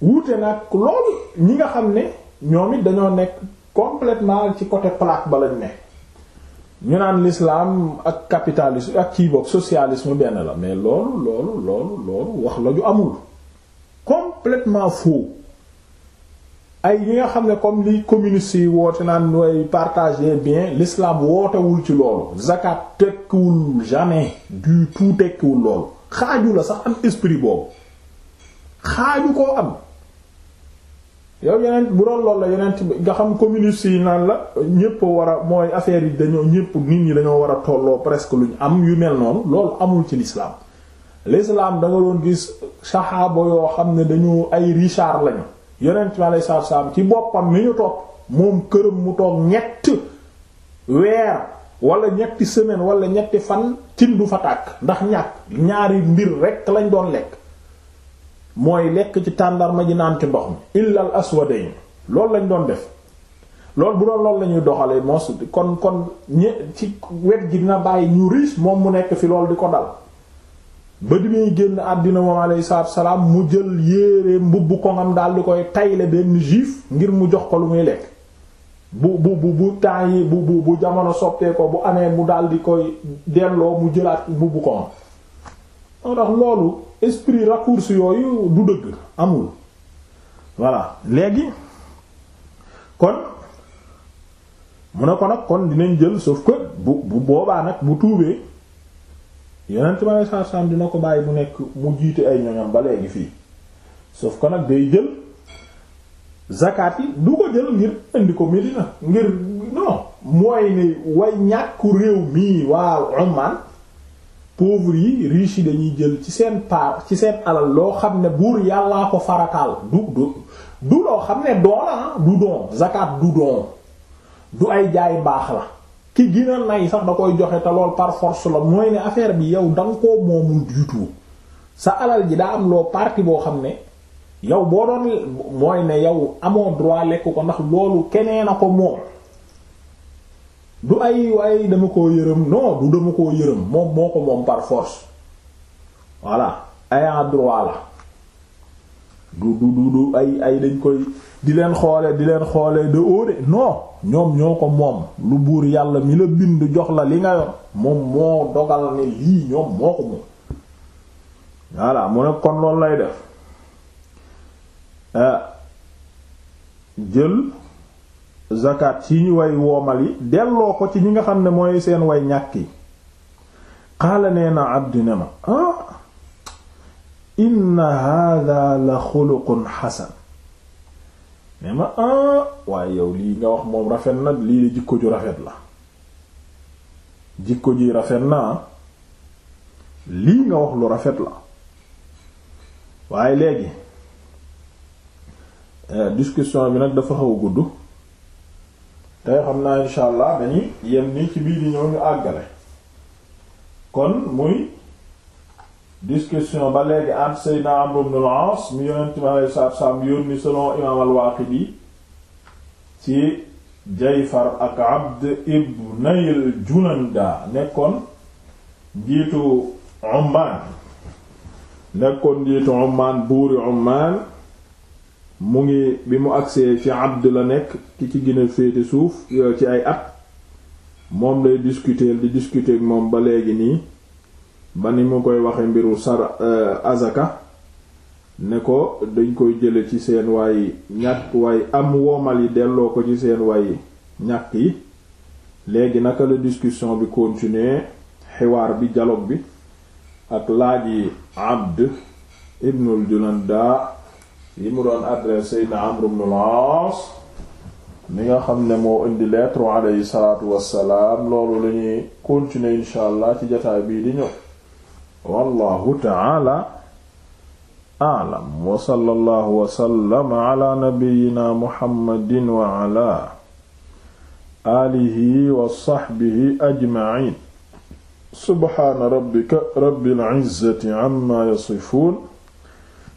wuute nag loolu ñi nga xam ne ñoom it dañoo nekk completement ci côté plaque ba lañ nekk ñu naan l'islam ak capitalisme ak kii boog socialisme benn la mais loolu loolu loolu loolu wax la ju amul complètement faux ay yi nga xam ne comme li communistes yi woote naan way partager bien lislaam wootewul ci loolu zakat tekkiwul jamais du tout tekkiwul loolu xaaju la sax am esprit boobu xaaju koo am yow yeneen bu doon loolu la yeneen nga xam communiste yi naan la ñépp war a mooy affaire yi dañoo ñépp nit ñi dañoo war a tolloo presque luñ am yu mel noonu loolu amul ci l'islam l'islam da nga doon gis saxaabo yoo xam ne dañoo ay richard lañu yeneen mi alei saatu salaam ci boppam ni ñu toog moom këram mu toog ñett weer wala ñetti semaine wala ñetti fan cin du fa tàkk ndax ñàkk ñaari mbir rekk lañ doon lekk mooy lekk ci tàndarma ji naan ci ndox mi illal aswadayn loolu lañ doon def loolu bu doon lool la ñuy doxalee mos kon kon ñe ci wet gi dina bàyyi ñu riche moom mu nekk fi loolu di ko dal ba di muy génn àddina moom alayhi salaam mu jël yére mbubb ko ngam daal di koy tayle benn juif ngir mu jox ko lu muy lekk bu bu bu bu bu bu jamono soppee bu amee mu daal di koy delloo mu jëlaat mbubb ko ngam moo tax loolu esprit raccourci yooyu du dëgg amul voilà léegi kon mu ne ko nag kon dinañ jël sauf que bu bu boobaa nag bu tuubee yeneen ma saa saam dina ko bàyyi mu nekk mu jiite ay ñoñam ba léegi fii sauf que nag day jël zakat yi du ko jël ngir indi ko Medina ngir non mooy ni way ñàkku réew mii waaw Oman pauvres yi riches yi dañuy jël ci seen paar ci seen alal loo xam ne buur yàllaa ko farataal du du du loo xam ne don la du don zakat du don du ay jaay baax la ki gën nay sax da koy joxe te lool par la mooy ne affaire bi yow da ko koo moomul du sa alal ji daa am loo parti boo xam ne yow boo doon mooy ne yow amoo droit lekk ko ndax loolu keneen a ko moom du ay dama koo yërëm non du dama koo yërëm moom moo ko moom par force voilà droit la du du du ay dañ koy di leen xoole di leen xoole de haut de ñoom ñoo ko moom lu buur yàlla mi la bind jox la li nga yor moom moo dogal ne lii ñoom moo ko moom voilà mu ne kon loolu lay def euh, jël zakat ci ñu way woomal yi delloo ko ci ñi nga xam ne mooy seen way ñàkk yi qaala nee na abdi ne ma ah inna hada la xuluqun xasan ne ma ah waaye yow lii nga wax moom rafet na lii jikko ju rafet la jikko ji rafet na lii nga wax lu rafet la waaye léegi eh, discussion bi nag dafa xaw a gudd tey xam naa insha dañuy yem ni ci biir di ñëw ñu àggale kon muy discussion ba léegi entre Seydina Amr ibn al mi yonent mi alayhi salaatu salaam yónni selon imaam al-Waaqidi ci Jayfar ak Abd ibnay al-Julanda nekkoon njiitu Ummaan nekkoon njiitu Ummaan buuri Ummaan mu ngi bi mu agsee fi abd la nekk ki ci gën a féete suuf euh, ci ay at moom lay discuter di discuter moom ba léegi nii ba ni mu koy waxe mbiru sar euh, azaka ne ko dañ koy jële ci seen waay ñàkk waay am woomal yi delloo ko ci seen waay ñàkk yi léegi naka la discussion bi continuer xiwaar bi dialogue bi ak laaj yi abd ibnul julanda yi mu doon adresse Seydina Amr ibn al-As mi nga xam ne moo indi lettre alayhi salaatu wassalaam loolu la ñuy continuer insha allah ci jotaay bii di ñëw wallahu ta'ala a'lam wa sallallahu wa sallama ala nabiyyina muhammadin wa ala alihi wa sahbihi ajma'in subhaana rabbika rabbil izzati amma yasifun